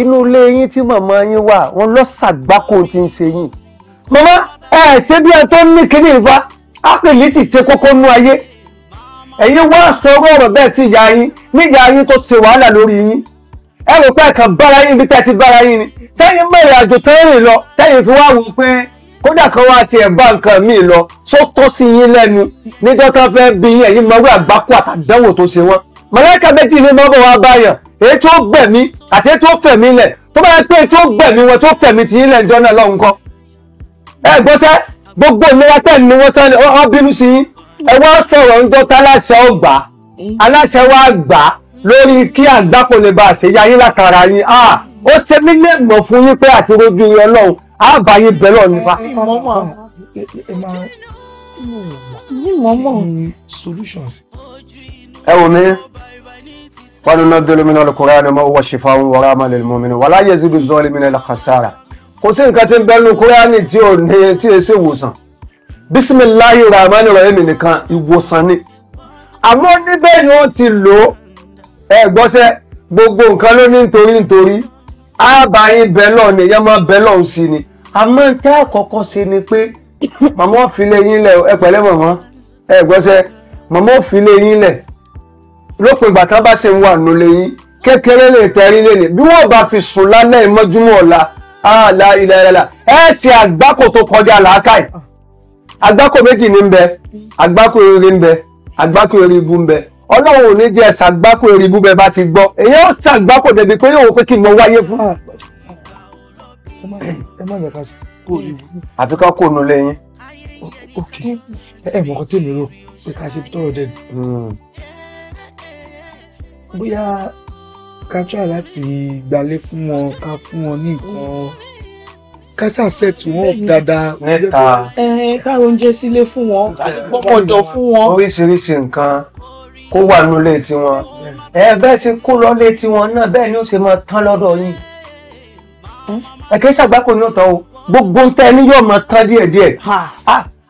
inú ilé yín tí màmá yín wà wọn lọ ṣàgbákò tí ń ṣe yín màmá ẹ̀ ṣe bí ẹ tó ní kíní ìfa ápèlì sì ṣe kókó nú ayé ẹ̀yin wá sọ̀rọ̀ ọ̀rọ̀ bẹ́ẹ̀ tí ìyá yín ní ìyá yín tó ṣe wàhálà lórí yín ẹ rò pé ẹ̀kan bára yín ibi tẹ́ ti bára yín ni sẹ́yìn mẹ́rin àjò tó rìn lọ tẹ́yìn fi wá wò pé kódà kan wá tiẹ̀ bá nǹkan míì lọ só tọ́ sí yín lẹ́nu níjọ́ kan fẹ́ bí yín ẹ̀yin mọ̀wé àgbákò àtàdánwò tó ṣe wọ́n mọ̀lẹ́kà méjì ní mọ́bọ̀ wá báyàn èyí tó gbẹ̀mí àti èyí tó fẹ̀mí lẹ̀ tó bá yẹ ti yín lẹ́njọ́ náà lọ́hùn kan ẹ gbọ́sẹ́ gbogbo ìlera tẹ̀ ni wọ́n sẹ́ni wọ́n bínú ẹ wá sọ̀rọ̀ ń gbọ́ táláṣẹ ọgbà mm. aláṣẹ wa gbà lórí kí àgbákò lè bá àṣeyá yín látara yín ó ṣe mí lè mọ̀ fún yín pé àti rojú rẹ ọlọ́run á bá yín bẹ́ẹ̀ lọ nípa. ẹ wò mí wọn nínú dolomina al-Qur'an ma huwa shifa'un wa rahmatan lil-mu'minin wa la yazidu az-zalimina illa khasara kò sí nǹkan tí ń bẹ́ẹ̀ nu kúrẹ́ánì tí ò ní tí ì sí ìwòsàn bisimilayi rahman rahim nìkan ìwòsàn ni àmọ́ níbẹ̀ ni wọ́n ti lò ó ẹ gbọ́sẹ̀ gbogbo nǹkan ló ní nítorí nítorí àbáyín bẹ́lọ̀ ni yẹn máa bẹ́lọ̀ ń sí ni àmọ́ tẹ́ àkọ́kọ́ sí ni pé [COUGHS] màmá òfìlẹ̀ yín lẹ̀ ẹ pẹ̀lẹ́ màmá ẹ gbọ́sẹ̀ màmá òfìlẹ̀ yín lẹ̀ lópin ìgbà tá bá ṣe ń wà nù lẹ́yìn kékeré lè tẹ̀rí lẹ́nìí bí wọ́n bá fi sùn lálẹ́ ìmọ́júmọ́ ọ̀la àlà ilẹ̀ ẹ̀rẹ̀ la ẹ̀ ṣe àgbákò tó kọjá làákàyè àgbákò méjì ní ń bẹ àgbákò eré ń bẹ àgbákò eré ibu ń bẹ ọlọ́run ò ní jẹ́ ṣàgbákò eré ibu bẹ bá ti gbọ́ èyí ó ṣàgbákò débi pé yóò pé kí n lọ wáyé fún un. Ah. ẹ àfi ká kó lẹ́yìn. ok ẹ mọ̀ kọ́ tèmi rò pé ká ṣe tọrọ dẹ́nu. Hmm. bóyá ká try láti gbalé fún wọn ká fún wọn ní nǹkan. Kasa set wọn dada mẹ́ta ẹ ká oúnjẹ sílé fún wọn pọ̀jọ̀ fún wọn. oríṣiríṣi nǹkan kó wà nílé tiwọn ẹ bẹ́ẹ̀ ṣe kó lọ́lé tiwọn náà bẹ́ẹ̀ ni ó ṣe máa tán lọ́dọ̀ yín ẹ kì í ṣàgbákò ní ọ̀tọ̀ o gbogbo ń tẹ́ ní yóò máa tán díẹ̀díẹ̀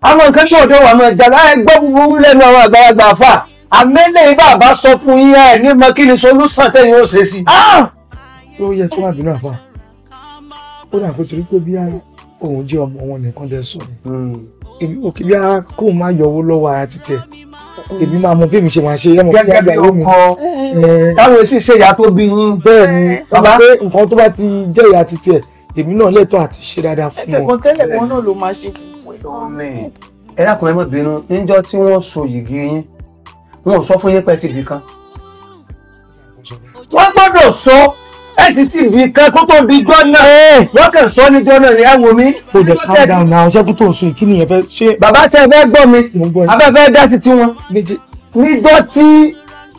àwọn nǹkan tí ọ̀dọ́ wa máa jà láì gbọ́ búburú lẹ́nu àwọn àgbàlagbà fà àmẹ́lẹ̀ ibà bá sọ fún yín ẹ̀ ní mọ kí ni solúsàn tẹ̀yìn ó ṣe sí. Ah! ó yẹ kó má bínú àfà ó dà pé torí pé bí òun jẹ́ ọmọ wọn nìkan dẹ̀ sọ ni òkè hmm. bí a kó máa yọwọ́ lọ́wọ́ ara títí ẹ̀ èmi máa mọ bí èmi ṣe máa ṣe yẹ́mọ̀ kí àgbà yóò mi. káwọn sì ṣe ìyá tó bí yín. bẹ́ẹ̀ ni bàbá pé nǹkan tó bá ti jẹ́ ìyá títí ẹ̀ èmi náà lẹ́tọ̀ọ́ àti ṣe dáadáa fún wọn. ẹsẹ̀ kan tẹ́lẹ̀ wọn náà ló máa ṣe fún ẹ. ẹ dákun ẹ má bínú níjọ́ tí wọ́n so yìgì yín wọn ò sọ fún yín pé ti di kan. wọ́n gbọ́dọ̀ sọ ẹ sì ti di kan kó tó di jọ́nà wọ́n kàn sọ ní jọ́nà ní àwọn mi. o jẹ calm down na ọṣẹ́ kó tó ń sun ìkíni yẹn fẹ́ ṣe. bàbá ṣe fẹ́ gbọ́ mi afẹ́fẹ́ dá sí tiwọn níjọ́ tí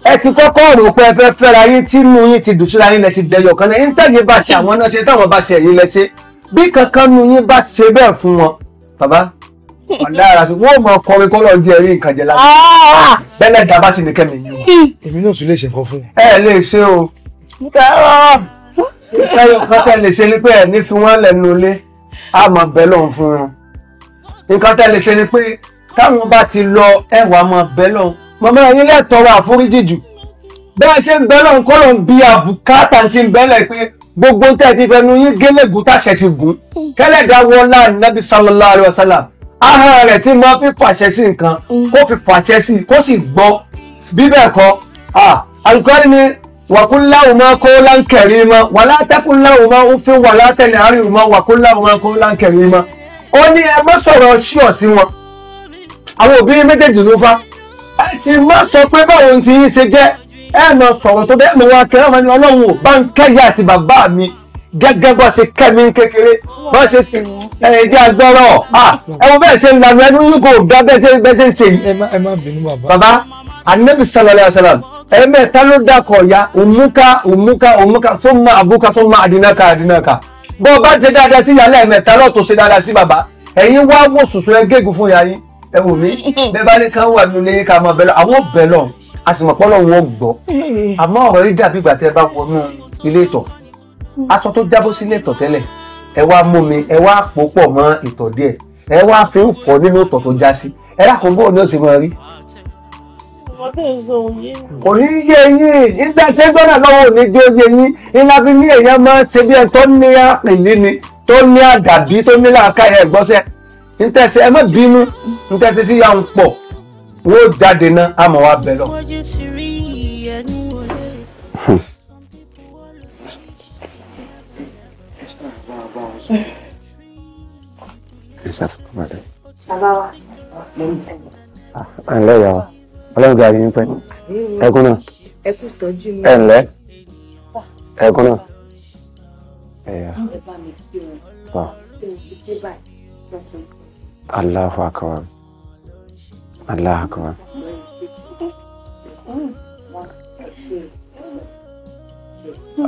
ẹ ti kọ́kọ́ rò pé ẹ fẹ́ fẹ́ra yín tí inú yín ti dùn síra yín lẹ ti dẹyọ kan náà yín tẹ̀yẹ bá ṣe àwọn náà ṣe táwọn bá ṣe èyí lẹ ṣe bí kankan nu yín bá ṣe bẹ́ẹ̀ fún wọn bàbá ọ̀dà ara sí wọ́n mọ ọkọrin kọ́ lọ́ọ́ di ẹ̀rí nǹkan jẹ lásán ah! bẹ́ẹ̀ dá bá sì ní kẹ́mi yín o. èmi náà tún lè ṣe nǹkan fún un. ẹ lè ṣe o ẹyọ kan tẹ́ lè ṣe ni pé ẹ ní fi wọ́n lẹ́nu ilé a máa bẹ lọ́hùn fún wọn nǹkan tẹ́ lè ṣe ni pé táwọn bá ti lọ ẹwà máa bẹ lọ́hùn màmá yín lẹ́tọ̀ọ́ wà fúríjì jù bẹ́ẹ̀ ṣe ń bẹ lọ́hùn kọ́ ló ń bí àbùkátà ti ń bẹ́lẹ̀ pé gbogbo tẹ́ ti fẹnu yín gélégùn táṣẹ ti gùn kẹ́lẹ́dàá wọn láàrin nábì sallallahu alaihi ahọ́n rẹ̀ tí mo fi fàṣẹ sí nǹkan kó fi fàṣẹ sí kó sì gbọ́ bí kọ́ alukọ́rin ni wàkúnláhùnmá kó láǹkẹ̀rí mọ́ wàlátẹ́kúnláhùnmá ó fi wàlátẹ́lẹ̀ àríwùmá wàkúnláhùnmá kó láǹkẹ̀rí mọ́ ó ní ẹ má sọ̀rọ̀ ṣíọ̀ sí wọn àwọn òbí méjèèjì ló fa ẹ ti má sọ pé báwo ti yín ṣe jẹ́ ẹ mọ sọ̀rọ̀ tó bẹ́ẹ̀ mọ̀ wá kẹrẹ́ wọn ni ọlọ́run ò bá ń kẹ́yà àti bàbá mi gẹ́gẹ́ bá ṣe kẹ́mi kékeré bá ṣe ẹ̀jẹ̀ agbọ́rọ̀ ẹ bẹ́ẹ̀ ṣe ń ẹnu yín kò dá bẹ́ẹ̀ ṣe ń ṣe yìí. ẹ anabi sallallahu alayhi wa sallam ẹ̀mẹ́ta ló dàkọ̀ ya òmùká òmùká òmùká tó máa àbúká tó máa àdínáka àdínáka bọ́ ọ bá ṣe dáadáa sí ìyá lẹ́ẹ̀mẹ́ta lọ́ọ̀tún ṣe dáadáa sí bàbá ẹ̀yin wá wò sùsù ẹ gégùn fún ìyá yín ẹ wò mí [LAUGHS] bẹ́ẹ̀ bá ní káwọn àmì olóyè ká máa bẹ̀rẹ̀ àwọn bẹ̀rẹ̀ a sì mọ̀ pọ́lọ́ wọn gbọ́ [LAUGHS] àmọ́ ọ̀rọ̀ yìí dàbí ìgbà tẹ́ ẹ bá wọnú ilé ìtọ̀ aṣọ tó jábọ́ sí ilé ìtọ̀ tẹ́lẹ̀ ẹ wá mú mi ẹ wá pò pọ̀ mọ́ ìtọ̀ díẹ̀ ẹ wá fi ń fọ̀ nínú ìtọ̀ tó já sí ẹ lákòókò ní òsì máa rí kò ní yé yín nígbà tí gbọ́dọ̀ lọ́wọ́ ò ní gbé yé yín iná ní èèyàn máa ń ṣe bí ẹni tó ní àpèlé ni tó ní àdàbí tó ní làákàyè ẹ̀gbọ́sẹ̀ ntẹ̀sẹ̀ ẹ má bínú ntẹ̀sẹ̀ sí yà ń pọ̀ wọ́n jáde náà àmọ́ wa bẹ̀ lọ. ẹ wa. ẹ ǹlẹ́ ìyá wa ọlọ́run gàrí yín pẹ́ ẹkún náà ẹ ǹlẹ́ ẹkún náà ẹ̀yà wà Allahu akbar Allahu akbar. Hmm.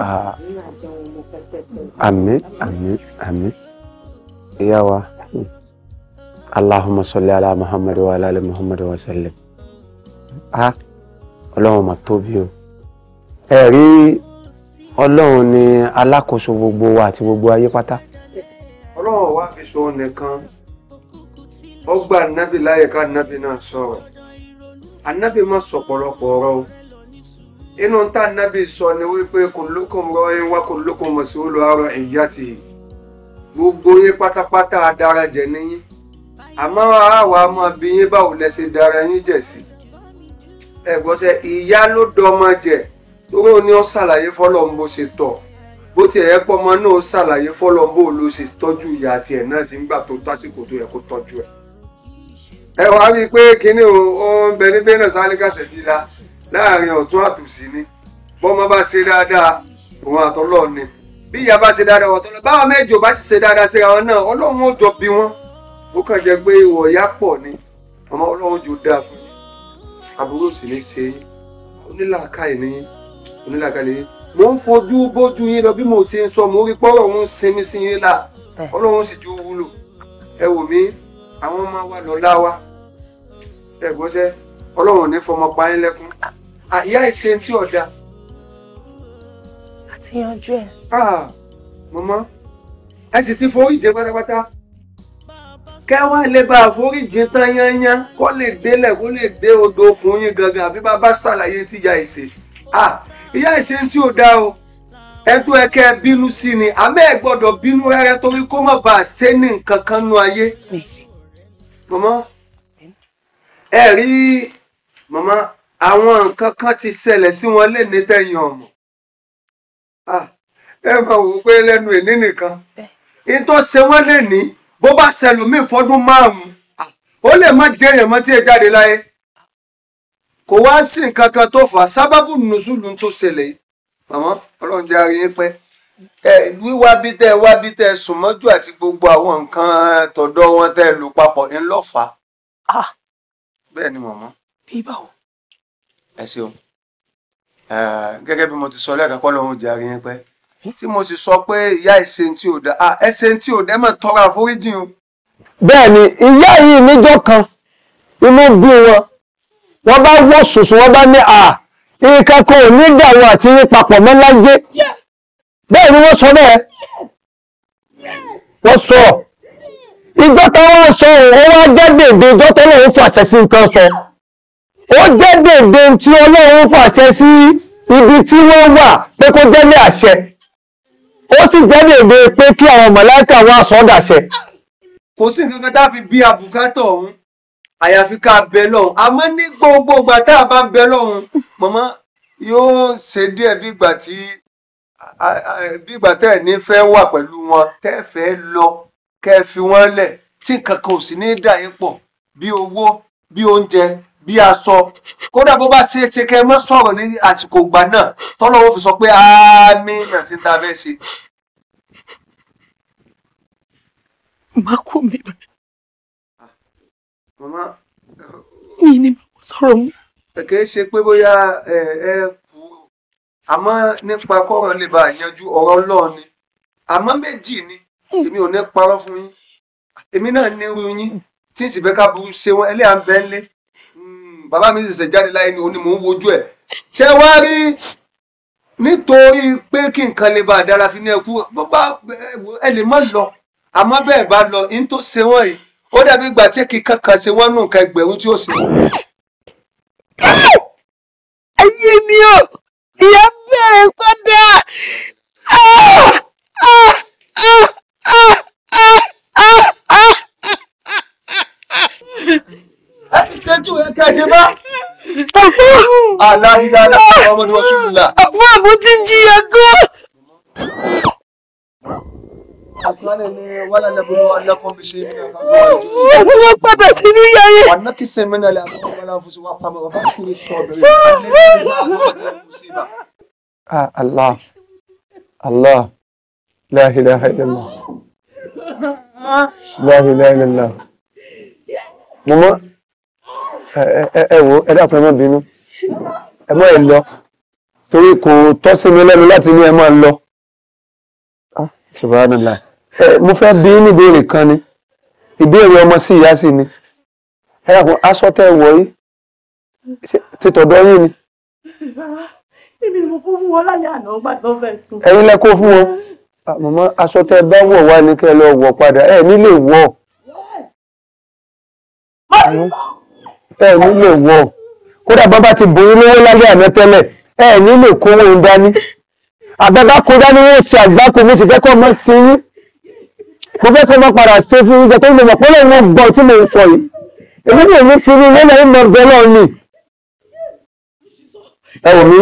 Ah. Àmín àmín àmín ìyá wa Allahumma salli ala Muhammad wa ala ali Muhammad wa sallim a ọlọ́run mà tóbi o ẹ rí ọlọ́run ni alákòóso gbogbo wa àti gbogbo ayé pátá. ọlọ́run wá fi sọ nìkan ó gba ànábì láyè ká ànábì náà sọ̀rọ̀ ànábì má sọ̀pọ̀lọpọ̀ ọ̀rọ̀ o inú tá ànábì sọ ni wípé kullukum ra'in wa kullukum mas'ulun 'an ra'iyyatihi gbogbo yín pátápátá adarajẹ níyín àmọ́ àwa máa bí báwo lẹ ṣe dára yín jẹ̀ sí ẹ̀gbọ́sẹ̀ ìyá ló dọmọ jẹ tóró ni ó ṣàlàyé fọlọ́n bó ṣe tọ̀ bó tiẹ̀ yẹ pọ́ ọmọ náà ó ṣàlàyé fọlọ́n bó ló ṣe tọ́jú ìyá tiẹ̀ náà sí nígbà tó tásìkò tó yẹ kó tọ́jú ẹ̀. ẹ wá rí i pé kínní ó ń bẹ ní bẹ́ẹ̀ náà sálíkàṣẹ̀ bí la láàrin ọ̀tún àtòsí ni bọ́mọ bá ṣe dáadáa òun àtọ́lọ́ ni bí ìyá bá ṣe dáadáa ọ̀tọ́ lọ báwọn mẹ́jọ bá sì ṣe dáadáa síra wọn náà ọlọ́run ó jọ bí aburú sì ní ṣe onílàákàyè ní onílàákàyè ní mo ń fojú bójú yín lọ bí mo ṣe ń sọ mo rí pọ́rọ̀ ń sinmi sí yín là ọlọ́run sì ju wúlò ẹ wò mí àwọn ọmọ wa lọ́lá wa ẹ gbọ́sẹ́ ọlọ́run ò ní fọmọ pa yín lẹ́kún àyà ìṣe tí ọ̀dà. àti yanjú ẹ. màmá ẹ sì ti forí jẹ pátápátá kẹwàá lè bá àforíjì tán yányán kó lè délẹ̀ kó lè dé odò okùn yín gangan àfi bàbá ṣàlàyé tí ìyá ìṣe ìyá ìṣe tí ò dá o ẹtú ẹkẹ bínú sí ni àmọ́ ẹ gbọ́dọ̀ bínú rẹ́rẹ́ torí kó má bàa ṣe ní nǹkan kan nú ayé mọmọ ẹ rí mọmọ àwọn nǹkan kan ti ṣẹlẹ̀ sí wọn léde tẹ̀yìn ọmọ ẹ máa wò ó pé lẹ́nu èní nìkan ní tó ṣe wọn lè ní bó bá ṣẹlòmíì fọdún márùn-ún ó lè má jẹ́ èèyàn mọ́ tí ẹ jáde láyé kò wá sí nǹkan kan tó fà á sábàbù nùsùlù tó ṣẹlẹ̀ màmá ọlọ́run jẹ́ arí yín pẹ́ ẹ wíwá bí tẹ́ ẹ wá bí tẹ́ ẹ sùn mọ́jú àti gbogbo àwọn nǹkan tọ̀dọ̀ wọn tẹ́ ẹ lò ń lọ fà á. Ah! bẹ́ẹ̀ ni màmá. bíbá o. ẹ ṣeun gẹ́gẹ́ bí mo ti sọ lẹ́ẹ̀kan kọ́ lọ́run jẹ́ arí yín pẹ́ tí mo sì sọ pé ìyá ẹsẹ tí ò dá ẹsẹ tí ò dá mọ̀ tọrọ àforíjì o. bẹ́ẹ̀ ni ìyá yìí níjọ́ kan inú bí wọn wọ́n bá wọ sòsò wọ́n bá ní à nǹkan kan ò ní dàrú àti yín papọ̀ mọ́ láyé bẹ́ẹ̀ ni wọ́n sọ bẹ́ẹ̀ wọ́n sọ ìjọ táwọn sọ òun wá jẹ́ dèdè ìjọ tó lóun fàṣẹ sí nǹkan sọ ó jẹ́ dèdè tí Ọlọ́run fàṣẹ sí ibi tí wọ́n wà pé kó jẹ́ ní àṣẹ ó sì jẹ́ ní èdè pé kí àwọn mọ̀láìkà wá sọ́dàṣẹ. kò sí nǹkan kan tá a fi bí àbùkátọ̀ ọ̀hún àyàfi ká bẹ lọ́hùn àmọ́ ní gbogbo ìgbà tá a bá ń bẹ lọ́hùn mọ̀mọ́ yóò ṣe díẹ̀ bí ìgbà tí bí ìgbà tẹ́ ẹ̀ ní fẹ́ wà pẹ̀lú wọn tẹ́ ẹ fẹ́ lọ kẹ́ ẹ fi wọ́n lẹ̀ tí nǹkan kan ò sì ní dà yín pọ̀ bí owó bí oúnjẹ bí a sọ kódà bó bá ṣe ṣe kẹ́ ẹ mọ́ sọ̀rọ̀ ní àsìkò ìgbà náà tọ́lọ́wọ́ fi sọ pé àmì náà ti ń ta bẹ́ẹ̀ ṣe. má kú mi bẹ́ẹ̀. màmá. yìí ni mo sọ̀rọ̀ mu. kẹ̀kẹ́ ṣe pé bóyá ẹ ẹ kú àmọ́ nípa kọ́rọ̀ lè bá yanjú ọ̀rọ̀ ọlọ́run ni àmọ́ méjì ni hmm. èmi ò ní parọ́ fún yín èmi náà ní irú yín tí n sì fẹ́ ká burú ṣe wọn ẹlẹ́yà ń bẹ́ẹ̀ lé bàbá mi ṣẹ̀ṣẹ̀ jáde láyé ni òun ni mò ń wojú ẹ̀ ṣé wá rí nítorí pé kí nǹkan lè bá a dára fi ní ẹkú bá ẹ lè má lọ àmọ́ bẹ́ẹ̀ bá lọ ní tó ṣe wọ́n yìí ó dàbí ìgbà tí kì í kankan ṣe wọ́n nù nǹkan ẹgbẹ̀rún tí ó ṣe. ayé mi ò ìyá bẹ̀rẹ̀ padà. aláìlára ọmọdé wọn sùn là. àfọ àbò ti jìyà gan. Àtúwálẹ̀ ni wàhálà lẹ́bùn wọn alákọ̀ọ́ bí ṣe ń bá wọn. Wọ́n padà sínú ìyá yẹn. Wọ́n ná kí sẹ́mi náà lè àbúrò wọn láwọn fúnṣe wá pamọ́ ọba sí Allah Allah Mama ẹ wo ẹ dákun ẹ má bínú ẹ mọ́ ẹ lọ torí kò tọ́ sí mi lẹ́nu láti ní ẹ máa lọ. Ah, subhanallah mo fẹ́ bí níbèrè kan ni ìbéèrè ọmọ sí ìyá sí ni ẹ dákun aṣọ tẹ ẹ wọ̀ yìí títọ̀dọ̀ yín ni. èmi ni mo kó fún wọn lálẹ́ àná gbàgbọ́ fẹ́ sùn. ẹ̀yin lẹ kó fún wọn ah, màmá aṣọ tẹ bá wọ̀ wá ní kẹ́ lọ wọ̀ padà ẹ nílé wọ̀ ẹ nílò wọ kódà bàbá ti bòyí lówó lálẹ́ àná tẹ́lẹ̀ ẹ nílò kówó ń dání àbẹ̀bá kó dání wọ́n ṣe àgbákò mo sì fẹ́ kọ́ ọmọ sí yín mo fẹ́ kọ́ ọmọ padà ṣe fún yín jẹ tó ń lọ mọ̀ pé lóun ń gbọ́ tí mo ń sọ yìí èmi ní èmi fi rí ilé lẹ́yìn mọ̀ bẹ́ẹ̀ náà nì ẹ wò mí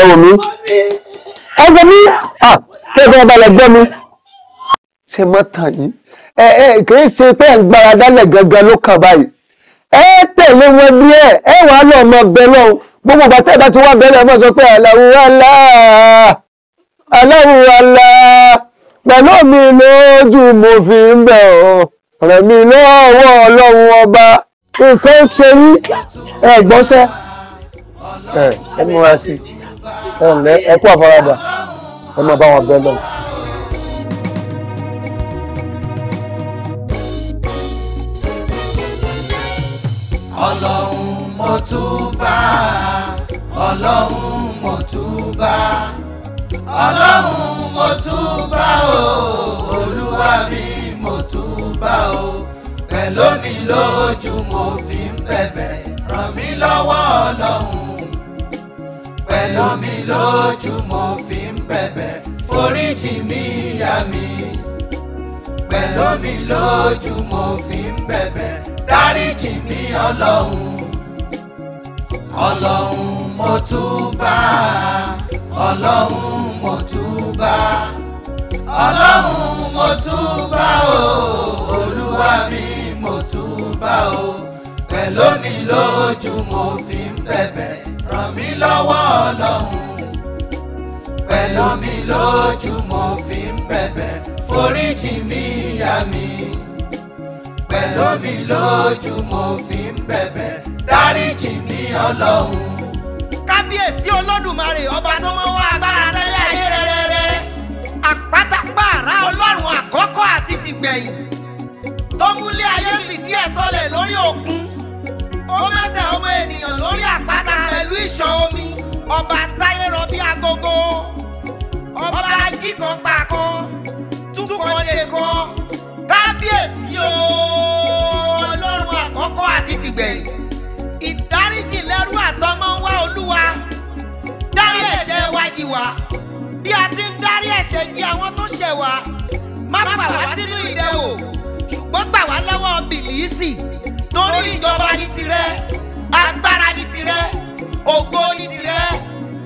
ẹ wò mí ẹ wò mí à kí ẹ fẹ́ balẹ̀ gbọ́ mi ṣe mọ́ tàn yín ẹ ẹ kì í ṣe pé ẹ̀ ń gbára dálẹ̀ gangan ló kàn báyìí ẹ tẹ̀lé wọn díẹ̀ ẹ wà á lọ mọ bẹ lọ́hùn gbogbo bàtà ìbá ti wá bẹ̀rẹ̀ mọ́ sọ pé aláwo alá aláwo alá pẹ̀lú mi lójú mo fi ń bẹ̀ ọ́ ọ̀rẹ́ mi lọ́wọ́ ọlọ́run ọba nǹkan ṣe yí ẹ gbọ́sẹ́ ẹ ẹ múra sí ẹ ẹ kú àfaradà ẹ máa bá wọn bẹ lọ́hùn. ọlọ́run mo túbà ọlọ́run mo túbà ọlọ́run mo túbà o olúwa mi mo túbà o pẹ̀lú mi lójú mo fi ń bẹ̀bẹ̀ ràn mí lọ́wọ́ ọlọ́run pẹ̀lú mi lójú mo fi ń bẹ̀bẹ̀ foríjì mi ìyá mi pẹ̀lú mi lójú mo fi ń bẹ̀bẹ̀ dáríjì mi ọlọ́run ọlọ́run mo túbà ọlọ́run mo túbà ọlọ́run mo túbà o olúwa mi mo túbà o pẹ̀lú mi lójú mo fi ń bẹ̀bẹ̀ ràn mí lọ́wọ́ ọlọ́run pẹ̀lú mi lójú mo fi. ẹ̀ṣẹ̀ lómi lójú mo fi ń bẹ̀bẹ̀ dáríjì mi ọlọ́run. kábíyèsí olódùmarè ọba tó mọ́ wá agbára tẹ́lẹ̀ ayé rẹ́rẹ́rẹ́ àpátápàrà ọlọ́run àkọ́kọ́ àti tìgbẹ̀yìn tó múlẹ̀ ayé fìdí ẹ̀ sọlẹ̀ lórí òkun ó mẹ́sẹ̀ ọmọ ènìyàn lórí àpáta pẹ̀lú ìṣàn omi ọba táyé rọ bí agogo ọba ajíkan pa kan túkọ̀ lè kan kábíyèsí o. dáríjì wa bí a ti ń dárí ẹ̀ṣẹ̀ jì àwọn tó ṣẹ̀ wá má bà wá sínú ìdẹwò ṣùgbọ́n gbà wá lọ́wọ́ bìlíìsì torí ìjọba ní tirẹ̀ agbára ní tirẹ̀ ògo ní tirẹ̀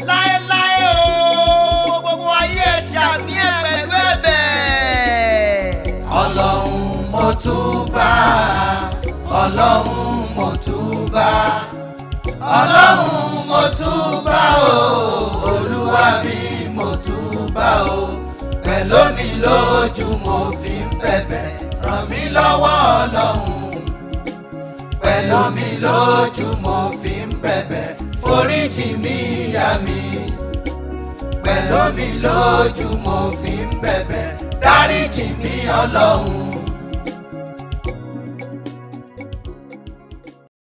láéláé o gbogbo ayé ẹ̀ṣẹ̀ àmì ẹ̀ pẹ̀lú ẹ̀bẹ̀. ọlọ́run mo túbà ọlọ́run mo túbà ọlọ́run mo túbà o wá bí mo túbà o pẹ̀lú mi lójú mo fi ń bẹ̀bẹ̀ ràn mí lọ́wọ́ ọlọ́run pẹ̀lú mi lójú mo fi ń bẹ̀bẹ̀ foríjì mi ìyá mi pẹ̀lú mi lójú mo fi ń bẹ̀bẹ̀ dáríjì mi ọlọ́run.